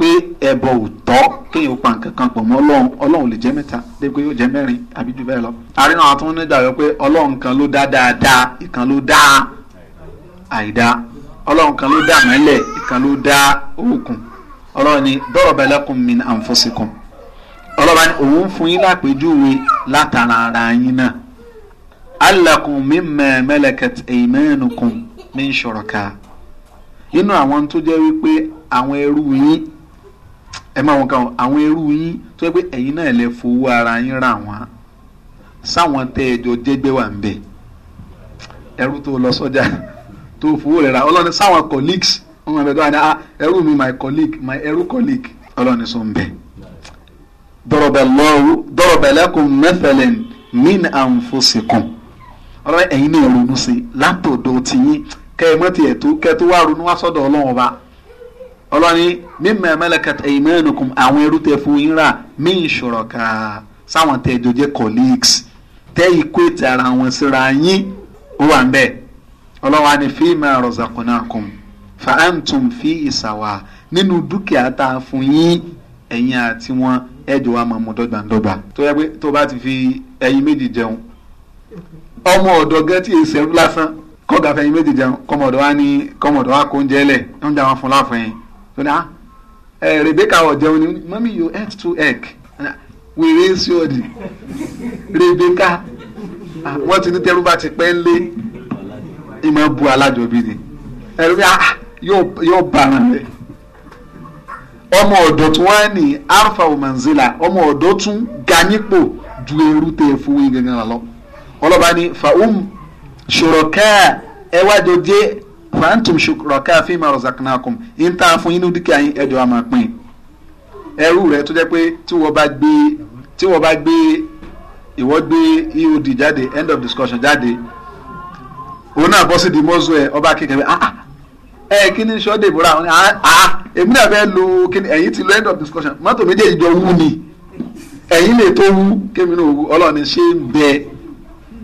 pé ẹbọ ò kéèyàn pa nǹkan kan pọ̀ mọ́ ọlọ́run ọlọ́run lè jẹ́ mẹ́ta dégbé yóò jẹ́ mẹ́rin àbí jù bẹ́ẹ̀ lọ. àrínà àwọn tó ń dàgbà pé ọlọ́run kan ló dá dáadáa ìkan ló dá àìdá ọlọ́run kan ló dá ìkan ló dá òògùn ọlọ́run ni daraba lakum min anfusikum ọlọ́ba ni òun fún yín lápèjúwe látara ara yín náà alakum mimma malakat ẹ máa wọn kàn àwọn irú yín tó yẹ pé ẹ̀yin náà lè fowó ara yín ra wọ́n sáwọn tẹ ẹ wà ẹrú tó lọ tó fowó ọlọ́ni sáwọn colleagues wọn máa bẹ tó wà ní ah, mi my colleague my ẹrú colleague ọlọ́ni sọ mẹ́fẹ̀lẹ́n ẹ̀yin náà ronú sí látọ̀dọ̀ kẹ́ ẹ mọ́ tiẹ̀ tó kẹ́ tó wá ronú wá sọ́dọ̀ ọlọ́ni mímọ̀ mẹ́lẹ́kàtà ìmẹ́ẹ̀nùkùn àwọn ẹrú tẹ fún yín rà mí ìṣòro ká sáwọn tẹ ẹjọ jẹ colleagues tẹ equate ara wọn síra yín ó wà ń bẹ̀ ọlọ́wà ni fíìmù àròzàkùnàkùn fàáǹtùm fi ìsàwà nínú dúkìá tá a fún yín ẹ̀yin àti wọn ẹjọ wa máa mú dọ́gbàndọ́gba tó yẹ pé tó bá ti fi ẹyin méjì jẹun ọmọ ọ̀dọ́ gẹ́ tí èsì ẹrú lásán kọ́gàfẹ́yin méjì jẹun kọ́mọ̀dọ́ wa ní kọ́mọ̀dọ́ wa kó oúnjẹ lẹ̀ àwọn fúnláfọ̀ yẹn ó ní à ẹ Rebeka ni mọ́mí you ate two egg wèrè sí òdì Rebeka wọ́n ti ní tẹ́rú bá ti pẹ́ lé ìmọ̀ bu alájọbí ni ẹ̀rú bí ah, yóò bára rẹ̀ ọmọ ọ̀dọ̀ tún wá ní alfa omanzila ọmọ ọ̀dọ̀ tún ga nípò ju eru tẹ fowó gangan lọ ọlọ́ba ní faum ṣòro káà ẹ wá jọ fantum ṣùkúrọ̀ká fíìmù ọ̀rọ̀zàkùnàkùn yín tá a fún yín ní dúkìá yín ẹ̀jọ̀ àmà pín ẹrú rẹ tó jẹ́ pé tí wọ́n bá gbé ìwọ́ gbé eod jáde end of discussion jáde òun náà bọ́ sí di mọ́sù ẹ ọba kékeré ah, ah ẹ kí ni sọ́ọ́ dèbòrà àwọn ah, ah èmi náà fẹ́ lo kí ni ẹ̀yin ti lo end of discussion mọ́tò méjèèjì jọ wú ni ẹ̀yin lè tó wú kémi náà wú ọlọ́ọ̀ni ṣé ń bẹ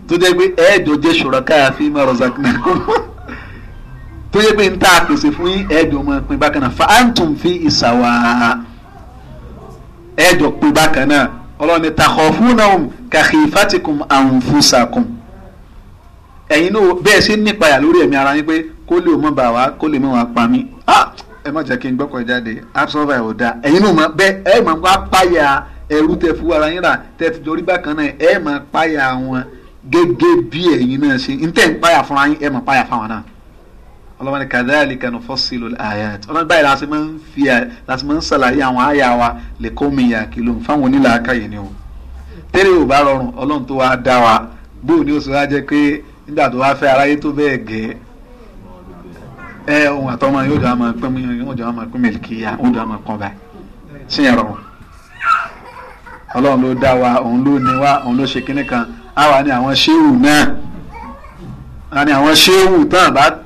tó jẹ́ pé ẹ̀ẹ́dọ̀ jẹ́ ṣòro káyà fíìmù ọ̀rọ̀ zakinakun tó yẹ pé n ta pèsè fún yín ẹ̀ẹ́dùn ọmọ pin bákan náà fa antum fi ìsàwà ẹ̀ẹ́dùn pin bákan náà ọlọ́run ní takhafunahum kakhifatikum anfusakum ẹ̀yin náà bẹ́ẹ̀ ṣe nípayà lórí ẹ̀mí ara yín pé kó lè mọ̀ bá wa kó lè mọ̀ wá pa mí ah! ẹ má jẹ́ kí n gbọ́kọ̀ jáde absolver ò dáa ẹ̀yin náà bẹ́ẹ̀ ẹ̀ máa wá páyà ẹrú tẹ fún ara yín rà tẹ fi dorí bákan náà ẹ̀ máa páyà wọn gẹ́gẹ́ bí ẹ̀yin náà ṣe ń tẹ̀ ń páyà fúnra yín ẹ̀ máa páyà fáwọn náà ọlọ́wọ́n ni kadhalika nufassilu al-ayat ọlọ́wọ́n báyìí láti máa ń fi láti máa ń ṣàlàyé àwọn àyà wa liqawmi yaqilun fáwọn onílàákàyè ni o tẹ́lẹ̀ ò bá rọrùn ọlọ́run tó wá dá wa bóun ni ó sì wá jẹ́ pé nígbà tó wá fẹ́ aráyé tó bẹ́ẹ̀ gẹ́ ẹ ohun àtọ́mọ yóò jọ àmọ́ pẹ́ mi yóò jọ àmọ́ pẹ́ mi kì í yá ó jọ àmọ́ kan báyìí ṣé rọrùn ọlọ́run ló dá wa òun ló ní wa òun ló ṣe kinní kan á wà àwọn ṣéwù náà á ní àwọn ṣéwù tán bá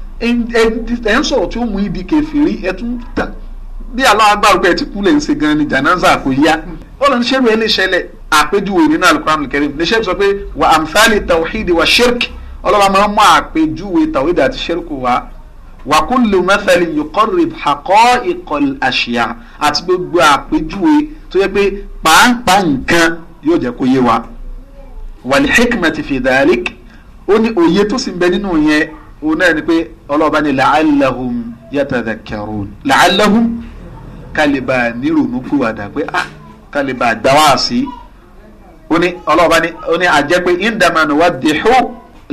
ẹ ń sọ̀rọ̀ tí ó mú ibi kẹfìrí ẹ tún tà bí aláwàgbàrúgbà ẹ ti kú lè ń ṣe gan ni jànáza kò yá ọlọ́run ṣẹ́rù ẹ lè ṣẹlẹ̀ àpèjúwe nínú alukuran kẹrin ní ṣẹ́rù sọ pé wà àmfàlì tàwíìdì wà ṣírkì ọlọ́ba máa ń mú àpèjúwe tàwíìdì àti ṣírkì wá wà kúlù mẹ́fẹ̀lì yòókọ́rì àkọ́ ìkọlù àṣìyà àti gbogbo àpèjúwe tó yẹ pé pàápàá nǹkan yóò jẹ́ kó yé wa wàlíhíkìmẹ̀tì fìdálík ó ní òye tó sì bẹ nínú yẹn òun náà ni pé ọlọ́ọ̀bá ni làálàhùn yàtàdà kẹrùn làálàhùn kálíbà nírònú kúwàdà pé ah kálíbà gbáwá sí ó ní ọlọ́ọ̀bá ni ó ní àjẹ́ pé ìdàmánù wà dìhú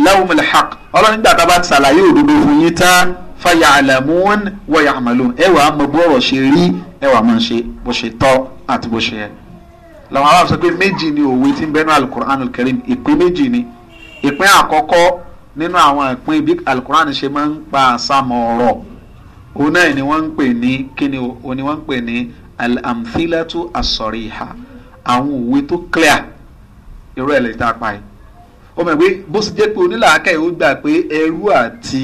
láwùmí lẹ́xàk ọlọ́ọ̀ni gbàgbà bá ṣàlàyé òdodo fún yín tán fàyà àlàmúhún wọ̀yà àmàlùn ẹ wàá mọ bó ọ̀rọ̀ ṣe rí ẹ wàá mọ̀ ṣe bó ṣe tọ́ àti bó ṣe yẹ làwọn aláwọ̀ sọ pé méjì ni òwe tí ń bẹ́nu alukur'an nínú àwọn ìpín bí alukurani ṣe máa ń pa àsámọ̀ ọ̀rọ̀ òun náà ni wọ́n ń pè ní kíni o ni wọ́n ń pè ní al-amthilatu as-sariha àwọn òwe tó clear irú ẹ̀ lè tá a pa yìí ó mọ̀ pé bó ṣe jẹ́ pé onílàákà yìí gbà pé ẹrú àti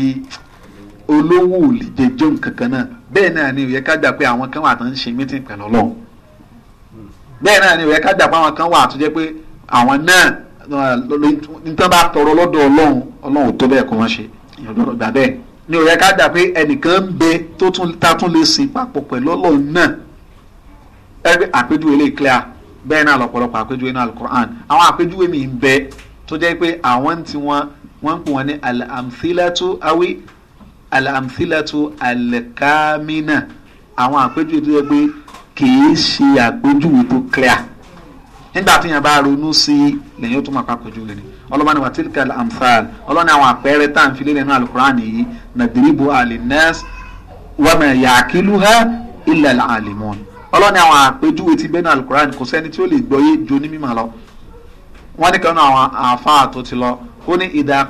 olówó ò lè jẹ jọ́ nǹkan náà bẹ́ẹ̀ náà ni ó yẹ ká gbà pé àwọn kan wà tó ń ṣe mítìn pẹ̀lú ọlọ́run bẹ́ẹ̀ náà ni ó yẹ ká gbà pé àwọn kan wà tó jẹ́ pé àwọn náà nítorí bá tọrọ lọ́dọ̀ ọlọ́run ọlọ́run tó bẹ́ẹ̀ kọ́ wọ́n ṣe èèyàn bẹ́ẹ̀ ni ò yẹ ká gbà pé ẹnìkan ń bẹ tó tún ta tún lè sìn papọ̀ pẹ̀lú ọlọ́run náà ẹgbẹ́ àpéjúwe lè clear bẹ́ẹ̀ náà lọ́pọ̀lọpọ̀ àpéjúwe náà alukur'an àwọn àpéjúwe mi ń bẹ tó jẹ́ pé àwọn tí wọ́n wọ́n ń pè wọ́n ní al awi al-amthilatu al-kamina àwọn àpéjúwe tó jẹ́ pé kì í ṣe àpéjúwe tó clear nígbà tí yẹn bá ronú sí i lẹ́yìn ó tún máa pàkójú rẹ̀ ni ọlọ́mọdé wa tilka al-amthal ọlọ́ni àwọn àpẹẹrẹ tá à ń fi lélẹ̀ nínú alukur'an yìí nadribu alinnas wa ma yaqiluha illa al ọlọ́ni àwọn àpèjúwe ti bẹ́ẹ̀ nínú kò sẹ́ni tí ó lè gbọ́ yé ju onímọ̀ lọ wọ́n ní kan àwọn àáfàá tó ti lọ ó ní idha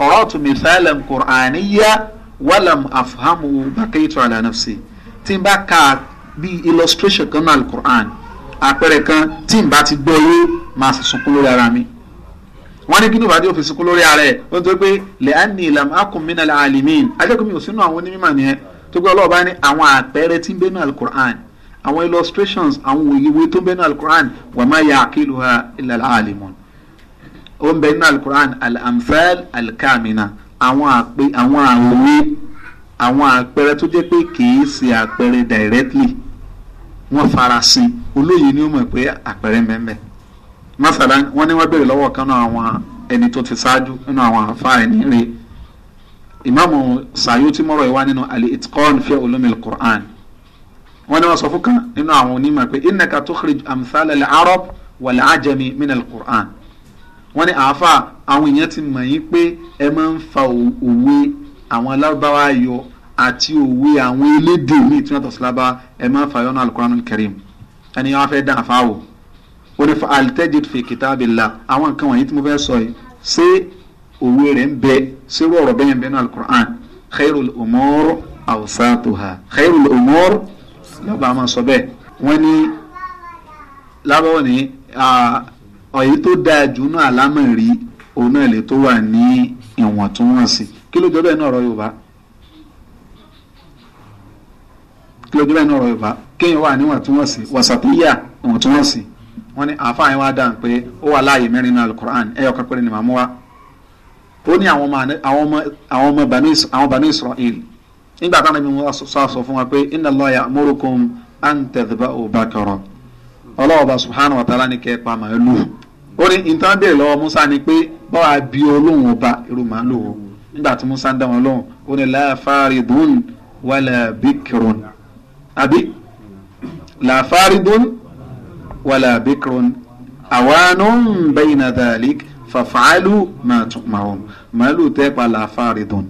qara'tu mithalan qur'aniyya walam afhamu baqitu ala náà alukur'an àpẹẹrẹ kan tí n bá ti gbọ́ yé máa sì sunkún lórí ara mi wọ́n ní kí ní ìbàdí òfin sunkún lórí ara ẹ̀ ó ń tó pé lẹ́hánì ìlànà akùnmínà àlìmín ajẹ́kùnmí ò sínú àwọn onímọ̀ nìyẹn tó gbé ọlọ́ọ̀bá ní àwọn àpẹẹrẹ tí ń bẹ́nu alukur'an àwọn illustrations àwọn òyìnbó tó ń bẹ́nu alukur'an wà má yà àkìlù ha ìlànà àlìmọ̀n ó ń bẹ́nu alukur'an alamfẹ́l alikamina àwọn àpẹ àwọn àwòrán àwọn àpẹẹrẹ tó jẹ́ pé kì í ṣe àpẹẹrẹ directly wọ́n farasin olóye ni ó mọ̀ pé àpẹẹrẹ mẹ́mẹ́ mọ́sálá wọ́n ní wọ́n béèrè lọ́wọ́ kan náà àwọn ẹni tó ti ṣáájú nínú àwọn àfa ẹni rè ìmáàmù Sayuti mọ́rọ̀ ìwá nínú al-itqan fi ulumil Qur'an wọ́n ní wọ́n sọ fún kan nínú àwọn onímọ̀ pé innaka tukhrij amthala al-arab wal-ajami min quran wọ́n ní àáfà àwọn èèyàn ti mọ̀ yín pé ẹ máa ń fa òwe àwọn alárúbáwá yọ àti òwe àwọn elédè ní ìtura tọ̀sílábà ẹ máa fà yọ́nà alukoranu karim ẹni wọn fẹ́ dán àfa wò ó ní alitẹ́jì fi kitabillah àwọn nǹkan wọ̀nyí tí mo fẹ́ sọ yìí ṣé òwe rẹ̀ ń bẹ ṣé irú ọ̀rọ̀ bẹ́yẹn bẹ́ẹ̀ ní alukoran khairul umur awsatuha khairul umur lọ́ba àwọn sọ bẹ́ẹ̀ wọ́n ní lábọ́ ní ọ̀yí tó dáa jù náà lámọ̀ rí òun náà lè tó wà ní ìwọ̀ntúnwọ̀nsì kí ló jọ bẹ́ẹ̀ náà ọ̀rọ̀ Yorùbá kí ló dé bẹ́ẹ̀ ní ọ̀rọ̀ yorùbá kéèyàn wà níwọ̀ntúnwọ̀nsì wàsàtíyà ìwọ̀ntúnwọ̀nsì wọ́n ní àáfàá yẹn wá dáhùn pé ó wà láàyè mẹ́rin náà alukur'an ẹ̀yọ̀ kan péré ni màmú wa ó ní àwọn ọmọ bani israel nígbà táwọn ẹbí wọn sọ fún wa pé inna Allaha ya'murukum an tadhba'u baqara Ọlọ́hun Ọba subhanahu wa ta'ala ní kẹ́ pa màálù ó ní ìtàn bẹ́ẹ̀ lọ́wọ́ Musa ni pé báwa bí Ọlọ́hun Ọba irú màálù o nígbà tí Musa ń dá wọn lóhùn ó ní la faridun wala bikrun àbí làfárídún wàlà bíkrún àwánú bẹ́yìn àdàlík fàfàálù máa tún màwọn màálù tẹ́ pa làfárídún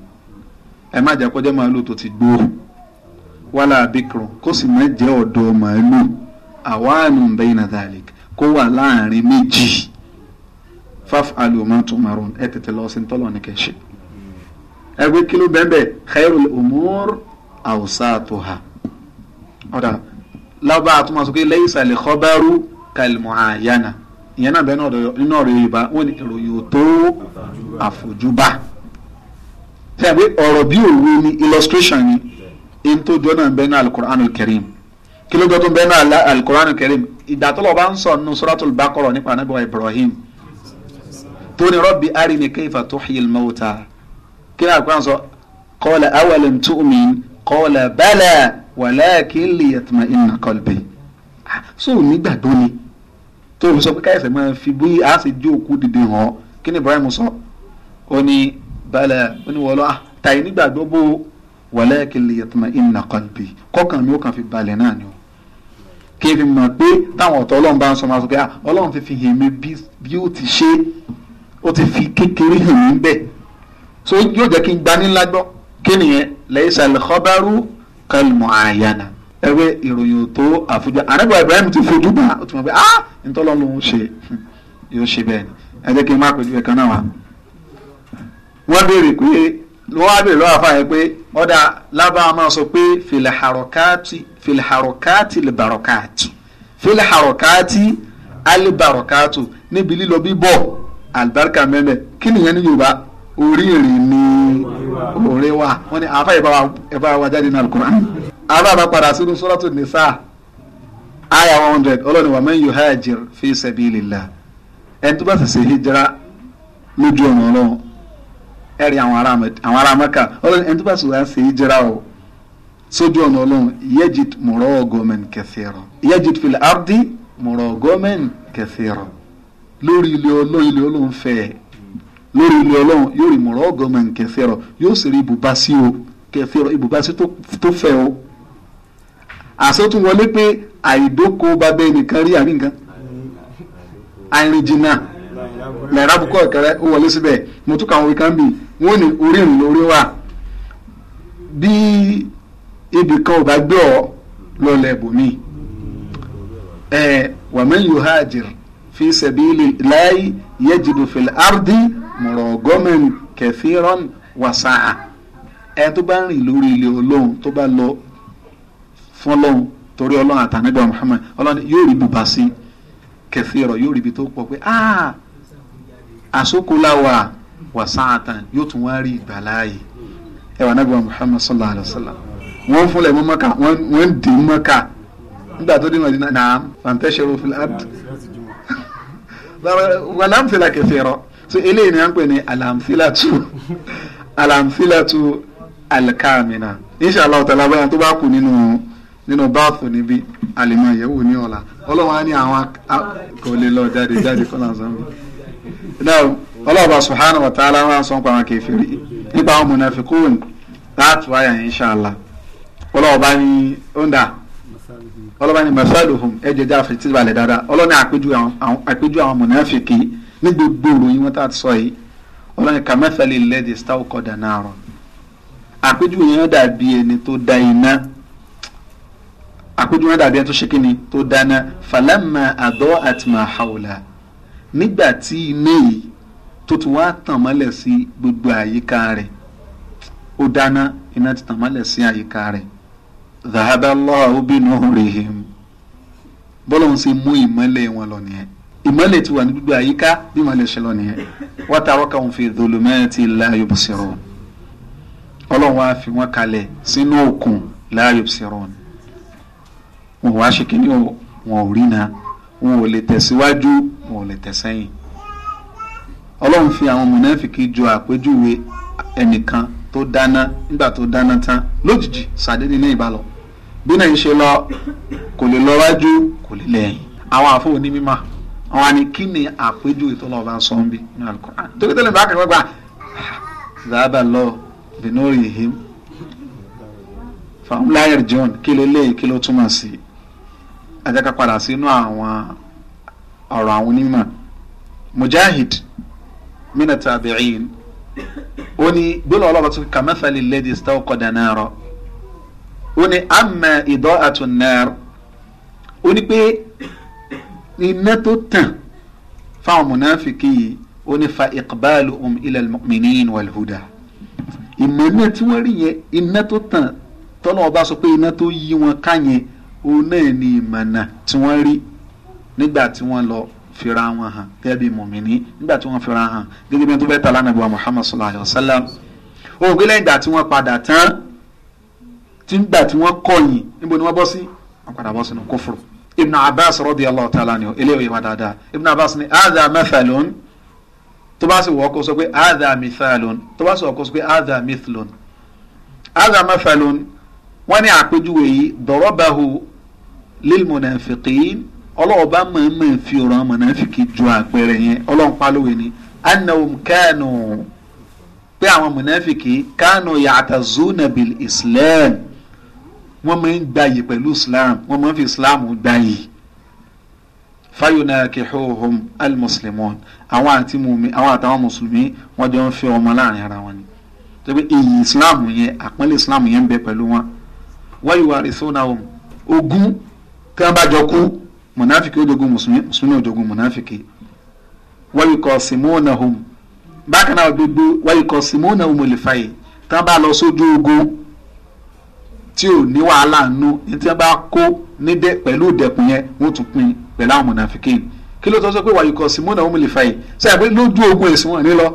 ẹ má jẹ́ kọjá màálù tó ti gbó wàlà bíkrún kó sì má jẹ́ ọ̀dọ́ màálù àwánú bẹ́yìn àdàlík kó wà láàrin méjì fàfàálù máa tún màrún ẹ tètè lọ sí ní ní kẹ́ṣẹ́ ẹgbẹ́ kí ló bẹ́ẹ̀ bẹ́ẹ̀ khairul umur awsatuha ọ̀dà lábá àtúmọ̀ sọ pé laysa li khabaru kal muayana ìyẹn náà bẹ́ẹ̀ nínú ọ̀rọ̀ yorùbá wọ́n ní ìròyìn ò tó àfojúbà tẹ́lẹ̀ pé ọ̀rọ̀ bí òwe ni illustration ni in tó jọ náà bẹ́ẹ̀ náà al-Qur'anul kí ló gbọ́dọ̀ bẹ́ẹ̀ náà al-Qur'anul ìdàtọ́lọ̀ bá ń sọ nínú suratul Baqarah nípa ànábì wa Ibrahim tó ní rabbi arini kayfa tuhyil mawta kí ni àkùrán sọ qala awalam tu'min qala bala walakin liyatma'inna qalbi ah, so nígbàgbọ́ ni tó o sọ pé káyọ̀sẹ̀ máa fi bí a ṣe jó òkú dìde hàn kí ni Ibrahim sọ ó ní balẹ̀ ó ní wọlọ́ ah, tàyí nígbàgbọ́ bó walakin liyatma'inna qalbi kọ́kàn mi ó kàn fi balẹ̀ náà ni o kí n fi mọ̀ pé táwọn ọ̀tọ̀ ọlọ́run bá ń sọ máa sọ pé ah, ọlọ́run ti fi hàn mí bí ó ti ṣe ó ti fi kékeré hàn mí bẹ́ẹ̀ so yóò jẹ́ kí n gbaní ńlá gbọ́ kí nìyẹn laysa al-khabaru kálmù àyànà ẹgbẹ́ ìròyìn tó àfojá àrẹ́gbà Ibrahim ti fojú bá ó ti mọ̀ pé ah ntọ́lọ́ ló ń ṣe yóò ṣe bẹ́ẹ̀ ni ẹ jẹ́ kí n má pèjú ẹ̀kan náà wá. wọ́n béèrè pé lọ́wọ́ àbèrè lọ́wọ́ àfa yẹn pé ọ̀dà lábàá máa sọ pé fìlàhàrọ̀káàtì fìlàhàrọ̀káàtì lìbàrọ̀káàtì fìlàhàrọ̀káàtì alìbàrọ̀káàtì níbi lílọ bíbọ̀ àlùbáríkà mẹ́mẹ́ kí nìyẹn ní Yorùbá oríire ni òǹrẹ̀ wa wọ́n ní àáfà ìbá wa jáde náà alukur'an àáfà bá padà sínú sọ́rọ́tù nìsá àyà one hundred ọlọ́ni wa man yuhajir fi sabilillah ẹni tó bá sì ṣe hijira lójú ọ̀nà ọlọ́run ẹ̀rí àwọn ará mẹ́ka ọlọ́ni ẹni tó bá sì wá hijira o sójú ọ̀nà ọlọ́run yẹ́jìt mọ̀rọ́ gọ́ọ̀mẹ̀n kẹfẹ́rọ yẹ́jìt fìlà árdì mọ̀rọ́ gọ́ọ̀mẹ̀n kẹfẹ́rọ lórí ilé ọlọ́run ilé ọlọ́run fẹ́ẹ́ lórí ilé ọlọ́run yóò rí mọ̀rọ́ ọ̀gọ́mọ̀ nkẹfẹ́ rọ yóò sì rí ibùbásí o kẹfẹ́ rọ ibùbásí tó fẹ́ o àsọtún wọlé pé àìdóko babẹ nìkan rí àbí nǹkan àìrìnjìnà lẹ́ẹ̀rọ àbúkọ ọ̀kẹrẹ ó wọlé síbẹ̀ mo tún kàwọn wíkan bì wọ́n ní orí ìrìn lórí wà bí ibì kan ò bá gbé ọ lọlẹ̀ bòmí ẹ wàmẹ́yìn yóò hajir fi sabilillahi yajidu fil ardi mọ̀rọ̀gọ́mẹ̀n kẹfìrán wàsáà ẹ tó bá ń rìn lórí ilé ọlọ́run tó bá lọ fún ọlọ́run torí ọlọ́run àtànígbà Muhammad ọlọ́run yóò rí bùbá sí kẹfìrán yóò rí ibi tó pọ̀ pé ah, àsókòláwà wàsáà tán yóò tún wá rí ìgbàláàyè ẹ wà nàgbà Muhammad sallallahu alayhi wa sallam wọ́n fúnlẹ̀ mọ́ dì í mọ́ka nígbà tó dé Madina náà fàǹtẹ́sẹ̀rọ̀ fìlà wàlámfìlà kẹfìrán so eléyìí ni wọ́n ń pè ní alamfilatu alamfilatu alikamina insha allah ta'ala báyà tó bá kù nínú nínú báàfù níbi àlèmọ̀ ìyẹ̀wò ní ọ̀la ọlọ́run á ní àwọn kò lè lọ jáde jáde kọ́lá sọ́mi náà ọlọ́ọ̀bà subhanahu wa ta'ala wọn sọ pa àwọn kèfèrí nípa àwọn mùnàfikún láti wáyà insha Allah ọlọ́ọ̀bá ní ọ̀ndà ọlọ́ọ̀bá ní masaluhum ẹ̀jẹ̀ jẹ́ àfẹ́tí balẹ̀ dáadáa ọlọ́ọ̀ni àpéjú àwọn mùnàfikì ní gbogbo ìròyìn wọn tá a ti sọ yìí ọlọ́run kàmẹ́fẹ́lì lẹ́dí stáwó kọ́dà náà rọ̀ àpèjúwe yẹn dàbí ẹni tó da iná àpèjúwe yẹn dàbí ẹni tó ṣe kíni tó dáná falama àdọ́ àtìmọ̀ àhàwùlà nígbà tí iná yìí tó ti wá tàn mọ́lẹ̀ sí gbogbo àyíká rẹ̀ ó dáná iná ti tàn mọ́lẹ̀ sí àyíká rẹ̀ zahaballahu binuhurihim bọ́lá ń ṣe mú ìmọ́lẹ̀ wọn lọ nìyẹn ìmọ̀lẹ̀ ti wà ní gbogbo àyíká bí ìmọ̀lẹ̀ ṣe lọ nìyẹn wọ́n ta wọ́kà wọn fi dhulumati la yubsirun ọlọ́run wá fi wọ́n kalẹ̀ sínú òkun la yubsirun wọn wá ṣe kínní wọn ò rí na wọn ò lè tẹ̀síwájú wọn ò lè tẹ̀sẹ́yìn ọlọ́run fi àwọn mùnáfìkì jọ àpèjúwe ẹnìkan tó dáná nígbà tó dáná tán lójijì sàdédé ní ìbálò bí náà ń ṣe lọ kò lè lọ wájú kò lè lẹ́yìn àwọn àfọwọ́ ní mímọ́ àwọn àni kí ni àpéjúwe tó lọ́ọ́ bá sọ ń bí ní al torí tẹ́lẹ̀ bá kẹ́kọ̀ọ́ gbà zaba lọ benori him famlayar john kí ló léyìí kí ló túmọ̀ sí ajaka padà sínú àwọn ọ̀rọ̀ àwọn onímọ̀ mujahid mina tabi'in ó ní gbólọ̀ ọlọ́run tó kàmẹ́fẹ́lì lẹ́dí stọ́kọ̀dà náà rọ ó ní àmà ìdọ́ àtúnnáà ó ní pé iná tó tàn fáwọn mùnàfíkì yìí ó ní fa iqbalu um ilal mu'minin wal huda ìmọ̀ náà tí wọ́n rí yẹn iná tó tàn tọ́lọ́ ọba sọ pé iná tó yí wọn ká yẹn náà ni ìmọ̀nà tí wọ́n rí nígbà tí wọ́n lọ fira wọn hàn gẹ́gẹ́ bí mùmíní nígbà tí wọ́n fira hàn gẹ́gẹ́ bí wọ́n tó bẹ́ẹ̀ tà lánàá bí wọn Muhammad sallallahu alayhi wa sallam òògbé lẹ́yìn ìgbà tí wọ́n padà tán tí nígbà tí wọ́n kọ̀yìn níbo ni wọ́n bọ́ sí wọ́n padà bọ́ sínú kófòrò ibn abbas radiyallahu ta'ala ni o eléyìí wà dáadáa ibn abbas ni adha mathalun tó bá sì wọ́ kó sọ pé adha mithalun tó bá sì wọ́ kó sọ pé adha mithlun adha mathalun wọ́n ní àpéjúwe yìí darabahu lil munafiqin ọlọ́wọ́ bá mọ̀ọ́mọ̀ fi ọ̀rọ̀ mọ̀nàfìkì ju àpẹẹrẹ yẹn ọlọ́run ni annahum kanu pé àwọn mọ̀nàfìkì kanu ya'tazuna bil islam wọ́n máa ń gbayì pẹ̀lú islam wọ́n máa ń fi islam gbayì fayona kehohom almuslimon àwọn àti mumi àwọn àtàwọn mùsùlùmí wọ́n jọ ń fẹ́ ọmọ láàrin ara wọn ni tẹbi èyí islam yẹn àpọ́nlé islam yẹn ń bẹ pẹ̀lú wọn wáyé wa arizona wọn ogún tí wọ́n bá jọ kú mùnáfìkì ó jogún mùsùlùmí mùsùlùmí ó jogún mùnáfìkì wáyé kọ simona hom bákan náà gbogbo wáyé kọ simona hom olùfàyè tí wọ́n bá lọ sójú ogun tí ò ní wàhálà nù ní tí wọ́n bá kó ní dẹ pẹ̀lú ìdẹ̀kùn yẹn wọ́n tún pín pẹ̀lú àwọn mọ̀nàfíkìn kí ló tọ́ sọ pé wàyíkọ̀ simona omi lè fa yìí sẹ́yìn pé lójú ogun ẹ̀sìn wọn ní lọ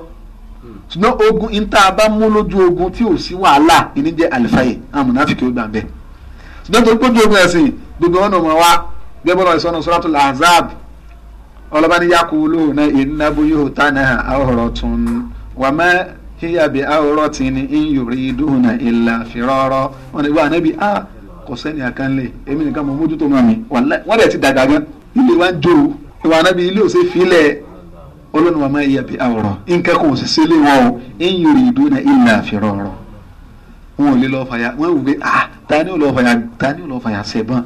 ṣùgbọ́n ogun níta bá mú lójú ogun tí ò sí wàhálà ìní jẹ́ àlìfáyè àwọn mọ̀nàfíkìn ó gbà bẹ́ẹ̀ ṣùgbọ́n torí pé ojú ogun ẹ̀sìn gbogbo wọn mọ̀ wá gbẹ́bọ̀rọ̀ ìsọ̀nà hiya bi awratin in yuriduna illa firara wọn ni wọn ànábi a kò sẹ́ni àkànlẹ̀ èmi nìkan mọ̀ mójútó mọ̀ mi wọ́n dẹ̀ ti dàgbà gan ilé wa ń jòrò ìwà ànábi ilé ò sí filẹ̀ olóòní wa máa yẹ bi awra nǹkan kò sì sílé wọn o in yuriduna illa firara wọn ò lè lọ fàyà wọn wù pé a ta ni ò lọ fàyà ta ni ò lọ fàyà sẹ́bọ̀n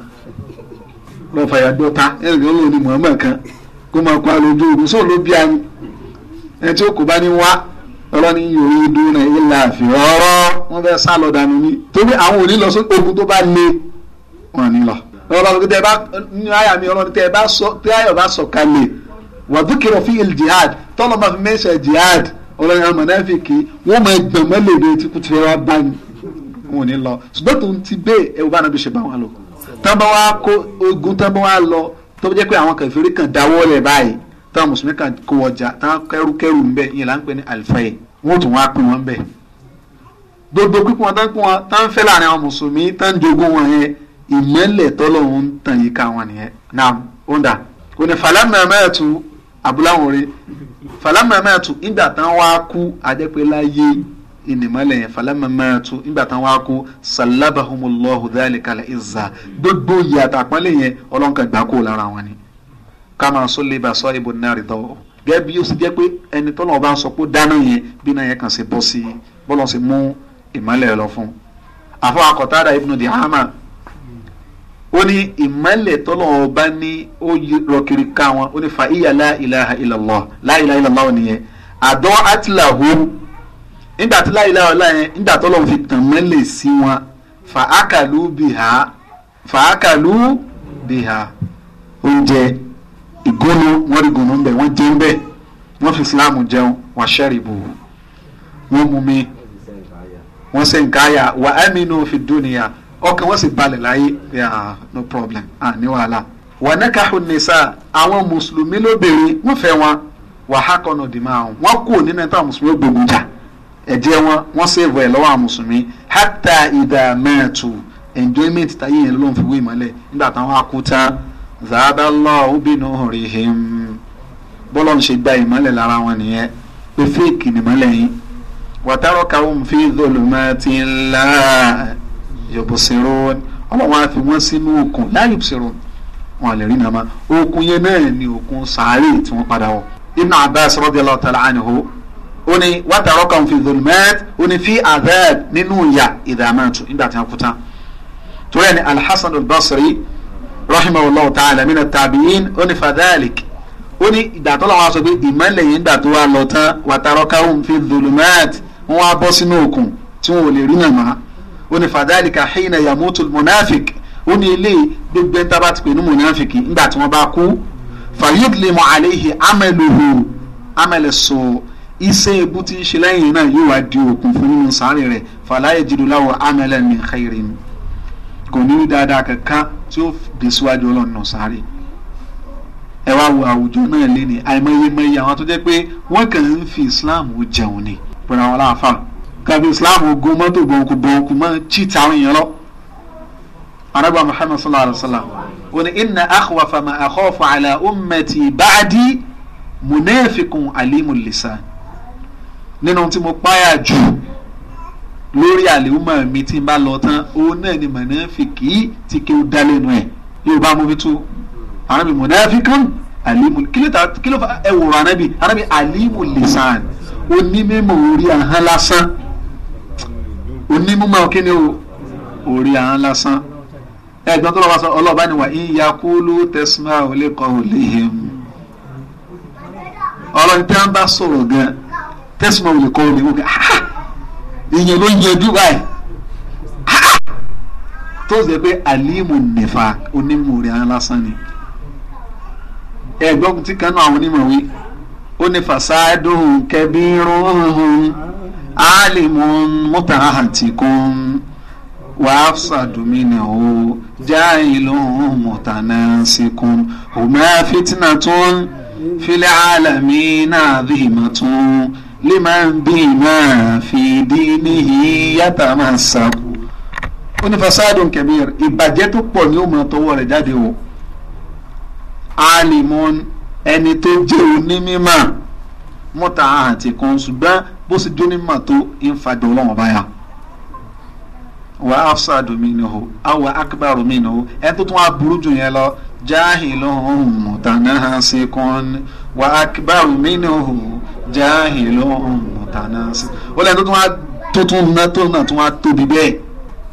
lọ fàyà dọ́ta ẹ̀ ẹ̀ kan kó máa kó alójú òru sóò ló bí ami ẹ̀ kò bá ní wá ọlọ́ni yòówù dúnà ilà àfihàn wọ́n fẹ́ sá lọ dànù ni torí àwọn òní lọ sí ogun tó bá le wọn ní lọ. ọlọ́run tẹ bá ní àyà mi ọlọ́run tẹ bá sọ tẹ àyà bá sọ kalẹ̀ wà dúkìrọ̀ fi il jihad tọ́lọ̀ máa fi mẹ́sẹ̀ jihad ọlọ́run àwọn mọ̀nàfíkì wọ́n máa gbẹ̀mọ́ lèdè tí kò ti wá bá ní wọn ní lọ. ṣùgbọ́n tó ń ti bẹ́ẹ̀ ẹ̀ wọ́n bá náà bí táwọn mùsùlùmí kan kó ọjà táwọn kẹrùkẹrù ń bẹ ìyẹn là ń pè ní àlìfáyè wọn ò tún wá pín wọn bẹ gbogbo pípọn wọn táwọn pín wọn táwọn fẹ́ láàrin àwọn mùsùlùmí táwọn jogún wọn yẹn ìmẹ́lẹ̀ tọ́lọ́hún ń tàn yíká wọn nìyẹn náà ó ń dà kò ní falámẹ́mẹ́ẹ̀tù abúláwọ̀nrin falámẹ́mẹ́ẹ̀tù ìgbà táwọn wá kú adẹ́pẹ́láyé ìnìmọ́lẹ̀ yẹn falámẹ́mẹ́ẹ̀tù ìgbà táwọn wá kú sàlábàhùnmùlọ́hùn kalẹ̀ ìzà gbogbo ìyàtọ̀ àpọ́nlé yẹn ọlọ́nkà gbà lára wọn ni kama sọlẹ bá sọ ibò nárì dọ gẹ́gẹ́ bí ó sì jẹ́ pé ẹni tọ́lọ́ ọba ń sọ pé dáná yẹn bí náà yẹn kàn sí bọ́ sí bọ́lọ́ sí mú ìmọ̀lẹ̀ lọ fún àfọ akọ̀tàdà ibùdó di hama ó ní ìmọ̀lẹ̀ tọ́lọ́ ọba ní ó rọ kiri ká wọn ó ní fa iya la ilaha illallah la ilaha illallah wọn nìyẹn àdọ́ àtìláhù nígbà tí la ilaha illallah yẹn nígbà tọ́lọ́ fi tàn mọ́lẹ̀ sí wọn fa akalu biha fa akalu biha oúnjẹ. igolo wọ́n rí gùnú ńbẹ̀ jẹ fi islam jẹun wọ́n ṣẹ́rìbù wọ́n mumi mi wọ́n ṣe nǹkan àyà wà á dúnìyà ọkàn sì no problem àní wàhálà. wà nẹ́kàáhù nìsa àwọn mùsùlùmí lóbìnrin wọ́n fẹ́ wọn wà á kọ́nà àwọn wọ́n kú mùsùlùmí gbogbo jà wọn wọ́n ṣèwọ ẹ̀ lọ́wọ́ àwọn mùsùlùmí hátà ìdá mẹ́ẹ̀tù enjoyment tayé yẹn ló ń fi nígbà zahaballahu binurihim bọ́lọ̀ ń ṣe gba ìmọ́lẹ̀ lára wọn nìyẹn pé fíìkì nìmọ́lẹ̀ yín wàtárọ̀ káwọn fi zulumatin la yubsirun ọlọ́wọ́n á fi wọ́n sínú òkun la yubsirun wọn lè rí nàmá òkun yẹn náà ni òkun sàárè tí wọ́n padà wọ̀ ibn abbas radiyallahu ta'ala anhu ó ní wàtàrọ kan fi dhulmat ó ní fi adab nínú ìyà ìdààmú àtún nígbà tí wọ́n kú rahimahullah ta'ala mina tabi'in ó ní fadalik ó ní ìgbà tó làwọn aṣọ pé ìmọ̀lẹ̀ yìí ń gbà tó wà lọ tán wàtàrọ́káhùn fi dhulumat wọ́n wá bọ́ sínú òkun tí wọ́n ò lè rí nà má ó ní fadalika hina yamutu munafik ó ní ilé gbogbo ẹ̀ta bá ti pè ní munafik ńgbà tí wọ́n bá kú fayidlimu alayhi amaluhu amaleso iṣẹ́ ebu tí náà yóò wá di òkun fún nínú sáré rẹ̀ fàlàyé jìdúláwọ̀ amalan min khairin kò ní rí dáadáa kankan tí ó dé síwájú ọlọ́run náà sáré ẹ wá wo àwùjọ náà lé ní àìmọyemọye àwọn tó jẹ́ pé wọ́n kàn ń fi islam jẹun ni pẹ̀lú àwọn aláàfáà gàbí islam ogun mọ́tò bọ̀ǹkù bọ̀ǹkù mọ́ chíìtì àwọn èèyàn lọ. arábà muhammad sallallahu alayhi wa sallam ó ní inna akhwafa ma akhofu ala ummati ba'di munafikun alimul nínú tí mo páyà jù lórí àlèhùnmọ̀ mi tí n bá lọ tán òun náà ni mọ̀nàfìkì tí kí ó dá lẹ́nu ẹ̀ yóò bá mú mi tú arábì mọ̀nàfìkàn alimu kí ló fa ẹ wòrò arábì arábì alimu lisan onímọ̀ orí ahọ́n lásán onímọ̀ kí ni o orí ahọ́n lásán ẹ̀gbọ́n tó lọ́wọ́ sọ ọlọ́ọ̀bá ni wà ń ya kúlú tẹ̀símà òlékọ́ òléhìm ọlọ́ni tí wọ́n bá sọ̀rọ̀ gan tẹ̀símà òlékọ́ òléhìm èèyàn ló ń yẹjú báyìí tó ṣe pé àlímù nìfà onímùrẹ̀ alásán ni ẹ̀gbọ́n tí kan náà àwọn onímọ̀ wí ó ní fasádùn kẹbírùn àlìmù mùtàhàtìkùn wàásàdùmínà ó jáìlú mùtànásìkùn òmà fìtínà tún fílẹ̀ àlàmì náà dìímà tún liman bima fi dinihi yatamassaku ó ní fasadun kabir ìbàjẹ́ tó pọ̀ ní òmùràn tọwọ́ rẹ̀ jáde o alimon ẹni tó jẹ́ onímọ̀ mọ́ta àti kan ṣùgbọ́n bó sì dún onímọ̀ tó ń fàjọ ọlọ́wọ́n báyà wà afsadu minhu aw akbaru minhu ẹni tó tún wá burú jù yẹn lọ jahilun mutanahasikun wà akbaru minhu jáàhìn lọ́hùn mọ̀tánásì ó lẹ́yìn tó tún wá tó tún ná tó náà tún wá tóbi bẹ́ẹ̀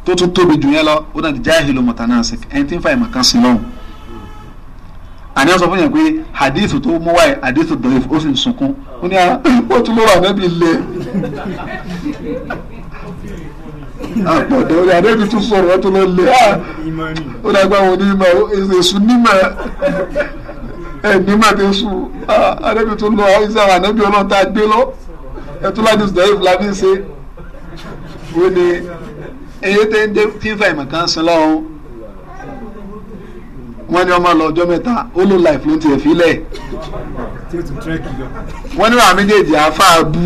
tó tún tóbi jù yẹn lọ ó náà ti jáàhìn lọ́hùn mọ̀tánásì ẹni tí ń fa ìmọ̀kan sí lọ́hùn. àní wọ́n sọ fún yẹn pé hadith tó mú wáyé hadith dọ̀yìn ó sì ń sunkún ó ní ara ah, ó tún ló wà nẹ́bí lẹ̀ àpọ̀dọ̀ ó ní àdébí tún sọ̀rọ̀ ó tún ló lẹ̀ ah, ó dàgbà wọn ní èsù nímọ̀ ẹ ní má ti sùn ànábì tó lọ àwùjọ ànábì ọlọ́run tá a gbé lọ ẹ tó láti sùdọ̀ ìfúlà bí ṣe wo ni èyí tẹ́ ń dé tí ń fa ìmọ̀ kan sí lọ́wọ́ wọ́n ní ọmọ lọ ọjọ́ mẹ́ta ó ló life ló ń tiẹ̀ fílẹ̀ wọ́n ní wàá méjèèjì àáfàá bú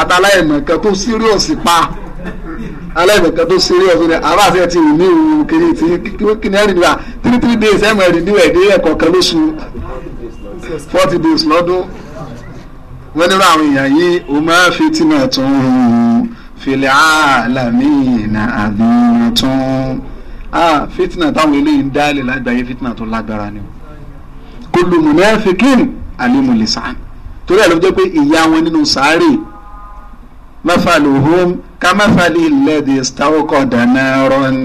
àtàláyẹ̀mọ̀ kan tó serious pa alẹ́nìkan tó ṣeré ọ̀sùn ni àbá àti ẹtì ìní ìwò kiri ti kíni ẹ̀rì níwà three three days ẹ̀mọ̀ ẹ̀rì níwà ẹ̀dẹ́ ẹ̀kọ́ kan lóṣù forty days lọ́dún wọ́n nínú àwọn èèyàn yìí o máa fi tìǹà tún fìlẹ̀ àlàmì ìnà àdúrà tún fìtìnà táwọn eléyìí ń dálé lágbàáyé fìtìnà tó lágbára ni kullu munafiqin alimu lisan torí ẹ̀ ló jẹ́ pé ìyá wọn nínú sàárè mafaluhum كمثل الذي استوقد نارا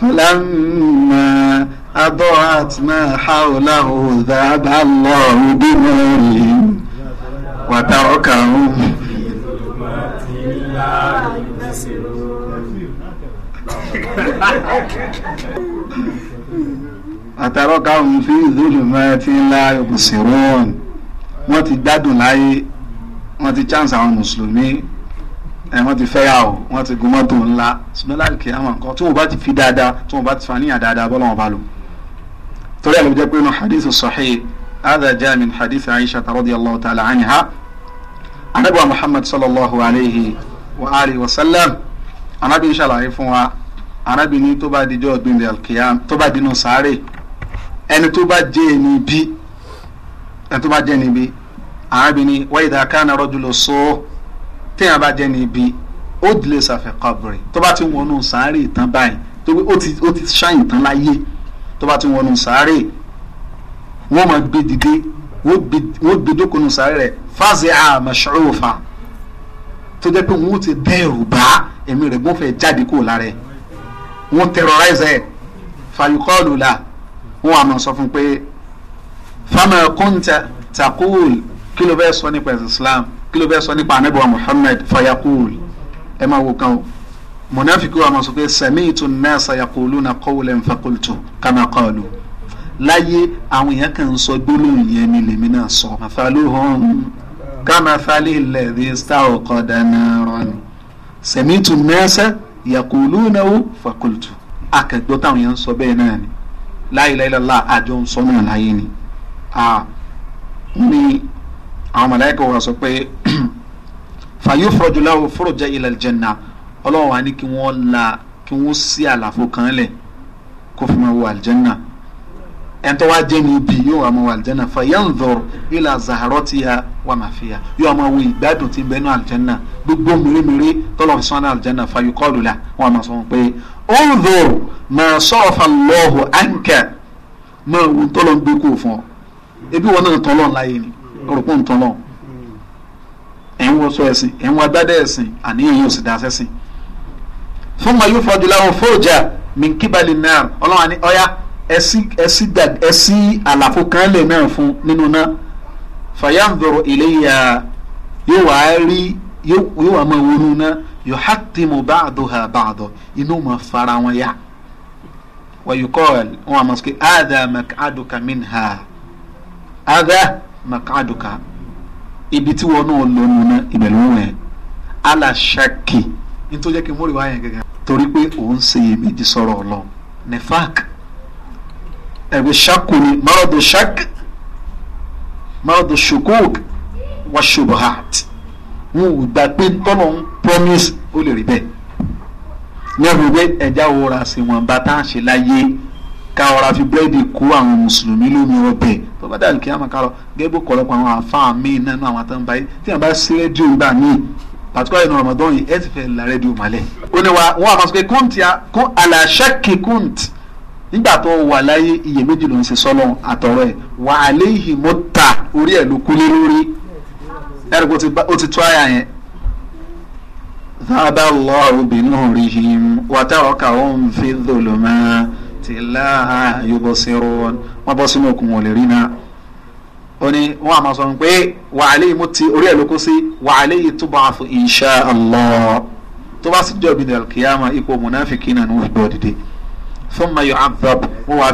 فلما أضعت ما حوله ذهب الله بنورهم وتركهم وتركهم في ظلمات لا يبصرون ما ti أي ما wọ́n ti chance ẹ wọ́n ti fẹ́yàwó wọ́n ti gun mọ́tò ńlá ṣùgbọ́n láìkè àwọn nǹkan tí wọ́n bá ti fi dáadáa tí wọ́n bá ti fa níyà dáadáa bọ́lá wọn bá lò. torí àlọ́ jẹ́ pé inú hadith sahih hadha jaa min hadith aisha radiyallahu ta'ala anha anabiwa muhammad sallallahu alayhi wa alihi wa sallam anabi ṣàlàyé fún wa anabi ní tó bá dijọ́ gbìndé alkiyam tó bá dinú sáré ẹni tó bá jẹ́ ẹni bí ẹni tó bá jẹ́ ẹni bí anabi ní wa idha sọ́ọ́ téèyàn bá jẹ́ ní ibi ó dìlé sàfẹ́ kọ́bùrì tó bá ti wọnú sàárè tán báyìí tó bí ó ti ṣáyìn tán láyé tó bá ti wọnú sàárè wọ́n máa gbé dìde wọ́n gbé dókòónú sàárè rẹ̀ fáṣẹ̀ àmàṣọ́rọ̀fà tó jẹ́ pé wọ́n ti dẹ́rù bá ẹ̀mí rẹ̀ gbọ́n fẹ́ jáde kúrò lára ẹ̀ wọ́n terrorize fàyíkọ́ọ̀lù la wọ́n àmọ̀ sọ fún pé fama kunta takul kí ló fẹ́ sọ nípa ẹ̀sìn Islam kí ló fẹ́ sọ nípa anabi wa muhammed fayakul ẹ máa wo kan o munafiki wa máa sọ pé sami'tu an-nasa yaquluna qawlan faqultu kama qalu láyé àwọn èèyàn kan ń sọ gbólóhùn yẹn ni lèmi náà sọ. àfàlùhùn kama fali alladhi stawqada naran sami'tu an-nasa yaquluna faqultu akẹgbọ́ táwọn èèyàn ń sọ bẹ́ẹ̀ náà ni la ilaha illallah àjọ ń sọ náà láyé ni. a ní àwọn mọ̀lẹ́kọ̀ wọ́n sọ pé fàyè fọ̀rọ̀jùlá fọ̀rọ̀jà ilẹ̀ jẹ̀nà ọlọ́run wa ní kí wọ́n la kí wọ́n sí àlàfo kan lẹ̀ kó fi máa wọ àlìjẹ́nà ẹ̀ńtọ́ wa jẹ́ ní ibi yóò wà máa wọ àlìjẹ́nà fàyè ń dọ̀rọ̀ ilà zàárọ̀ ti ya wà máa fi ya yóò máa wọ ìgbádùn ti bẹ́ẹ̀ ní àlìjẹ́nà gbogbo mèremère tọ́lọ̀ fi sọ́nà àlìjẹ́nà fàyè kọ́ọ̀lù la wọ́n máa sọ pé ó ń dọ̀rọ̀ máa orúkọ ntọ́ lọ ẹ̀ ń wọṣọ ẹ̀sìn ẹ̀ ń wọ agbádẹ́ ẹ̀sìn àníyàn yóò sì dá sẹ́sìn fún mayú fọdùlà wọn fóòjà minkibali náà ọlọ́wọ́n ni ọ̀ya ẹ̀sí àlàfo kan lè mẹ́rin fún nínú náà fàyàǹdọ̀rọ̀ ìléyà yóò wá rí yóò wá máa wọnú náà yóò hàtìmù báàdùhà báàdọ̀ inú máa fara wọn yá wàyùkọ́ ẹ̀ wọn àmọ̀ sọ́kè ádà mẹ́kàdùkà mìíràn ádà makaduka ibi tí wọn náà lọ nù náà ìbẹ̀lú wọn alasaki nítorí jẹ́ kí n múri wáyà gẹ́gẹ́ torí pé òun ṣe iyèméjì sọ̀rọ̀ ọ̀lọ́ nefak ẹ̀gbẹ́ ṣakku ni maradu shak maradu shukuk wa shubuhat wọn ò gbà pé tọ́nà ń promise ó lè rí bẹ́ẹ̀ ní ẹ̀rù pé ẹja wo ra sí wọn bá tá a ṣe láyé ká ọ̀ra fi búrẹ́dì kó àwọn mùsùlùmí lómi ọbẹ̀ bá dàrú kí á máa ká lọ gẹ́gẹ́ bó kọ̀lọ́pọ̀ àwọn àfáà míì nínú àwọn àtàn báyìí tí wọ́n bá sí rédíò gbà míì pàtíkọ́lẹ̀ ní Ramadan yìí ẹ ti fẹ́ la rédíò mọ́lẹ̀. ó ní wa wọn àmọ́ sọ pé kúntì aláṣẹ́kì kúntì nígbà tó wà láyé iyèméjì ló ń ṣe sọ́lọ́ àtọ̀rọ̀ ẹ̀ wà á léyìí mo ta orí ẹ̀ ló kúlé lórí ẹ̀rọ ó ti tó àyà yẹn ذهب الله بنورهم وتركهم في الظلمات لا يبصرون ما بصمكم ولرنا ó ní wọn àmọ sọ pé wàhálẹ́ yìí mo ti orí ẹ̀ ló kó sí wàhálẹ́ yìí tó bá a fún insha Allah tó bá sì jọ̀bi dàl kìyàmà ipò mùnàfíkì náà ni fi bọ́ dìde thumma yu'adhab wọ́n wá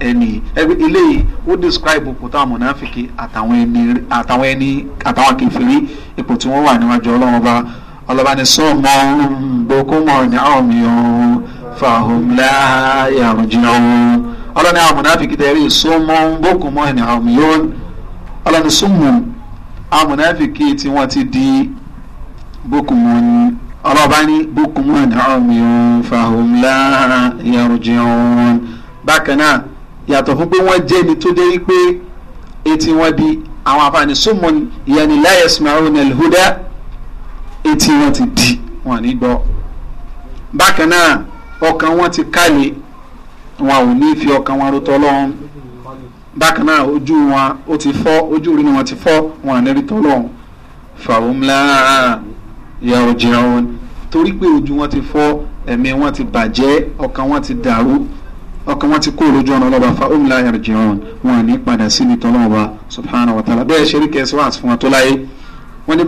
ẹni describe ipò munafiki àtàwọn ẹni àtàwọn ẹni àtàwọn kẹfìrí ipò tí wà níwájú ọba ni ọlọ́ni àwọn mùnàfíkì tẹ̀rí sọmọ bókùnmọ́ ẹni àwọn mìíràn ọlọ́ni sọmọ àwọn mùnàfíkì tí wọ́n ti di bókùnmọ́ ni ọlọ́ba ní bókùnmọ́ ẹni àwọn mìíràn fàhùn láàrin yarji'un bákan náà yàtọ̀ fún pé wọ́n jẹ́ ẹni tó dé wípé etí wọn di àwọn àfààní sọmọ ìyẹn ni la yasma'una huda etí wọn ti di wọn ní gbọ́ bákan náà ọkàn wọn ti kálẹ̀ wọn ò ní fi ọkàn wọn rotọ lọ́hún bákan náà ojú wọn ó ti fọ́ ojú rí ni wọn ti fọ́ wọn àní rí tọ́lọ́hún fàwọmùlà yàrá jẹun torí pé ojú wọn ti fọ́ ẹ̀mí wọn ti bàjẹ́ ọkàn wọn ti dàrú ọkàn wọn ti kó lójú ọ̀nà ọlọ́ba fàwọmùlà yàrá bẹ́ẹ̀ ṣe rí fún tó láyé wọn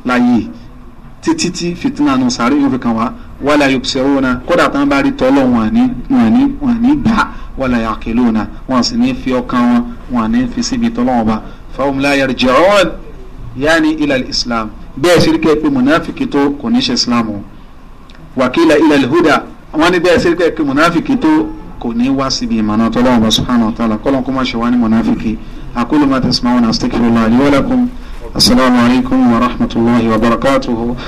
o. pé títí tí fitina nù sáré yóò fi kàn wá wàlà yubsiruna kódà tán bá rí tọ́lọ̀ wọn ní wọn ní wọn ní gbà wàlà yaqiluna wọn sì ní fi ọkàn wọn wọn ní fi síbi tọ́lọ̀ wọn bá fahum la yarji'un yaani ilal islam bẹ́ẹ̀ sirikẹ́ pé munafiki tó kò ní ṣe islam o wàkìlà ilal huda wọn ní bẹ́ẹ̀ sirikẹ́ pé munafiki tó kò ní wá síbi ìmọ̀nà tọ́lọ̀ wọn bá subhanahu wa ta'ala kọ́lọ́n kó má ṣe wá ní munafiki aqulu ma tasma'una astaghfirullah li wa lakum assalamu alaikum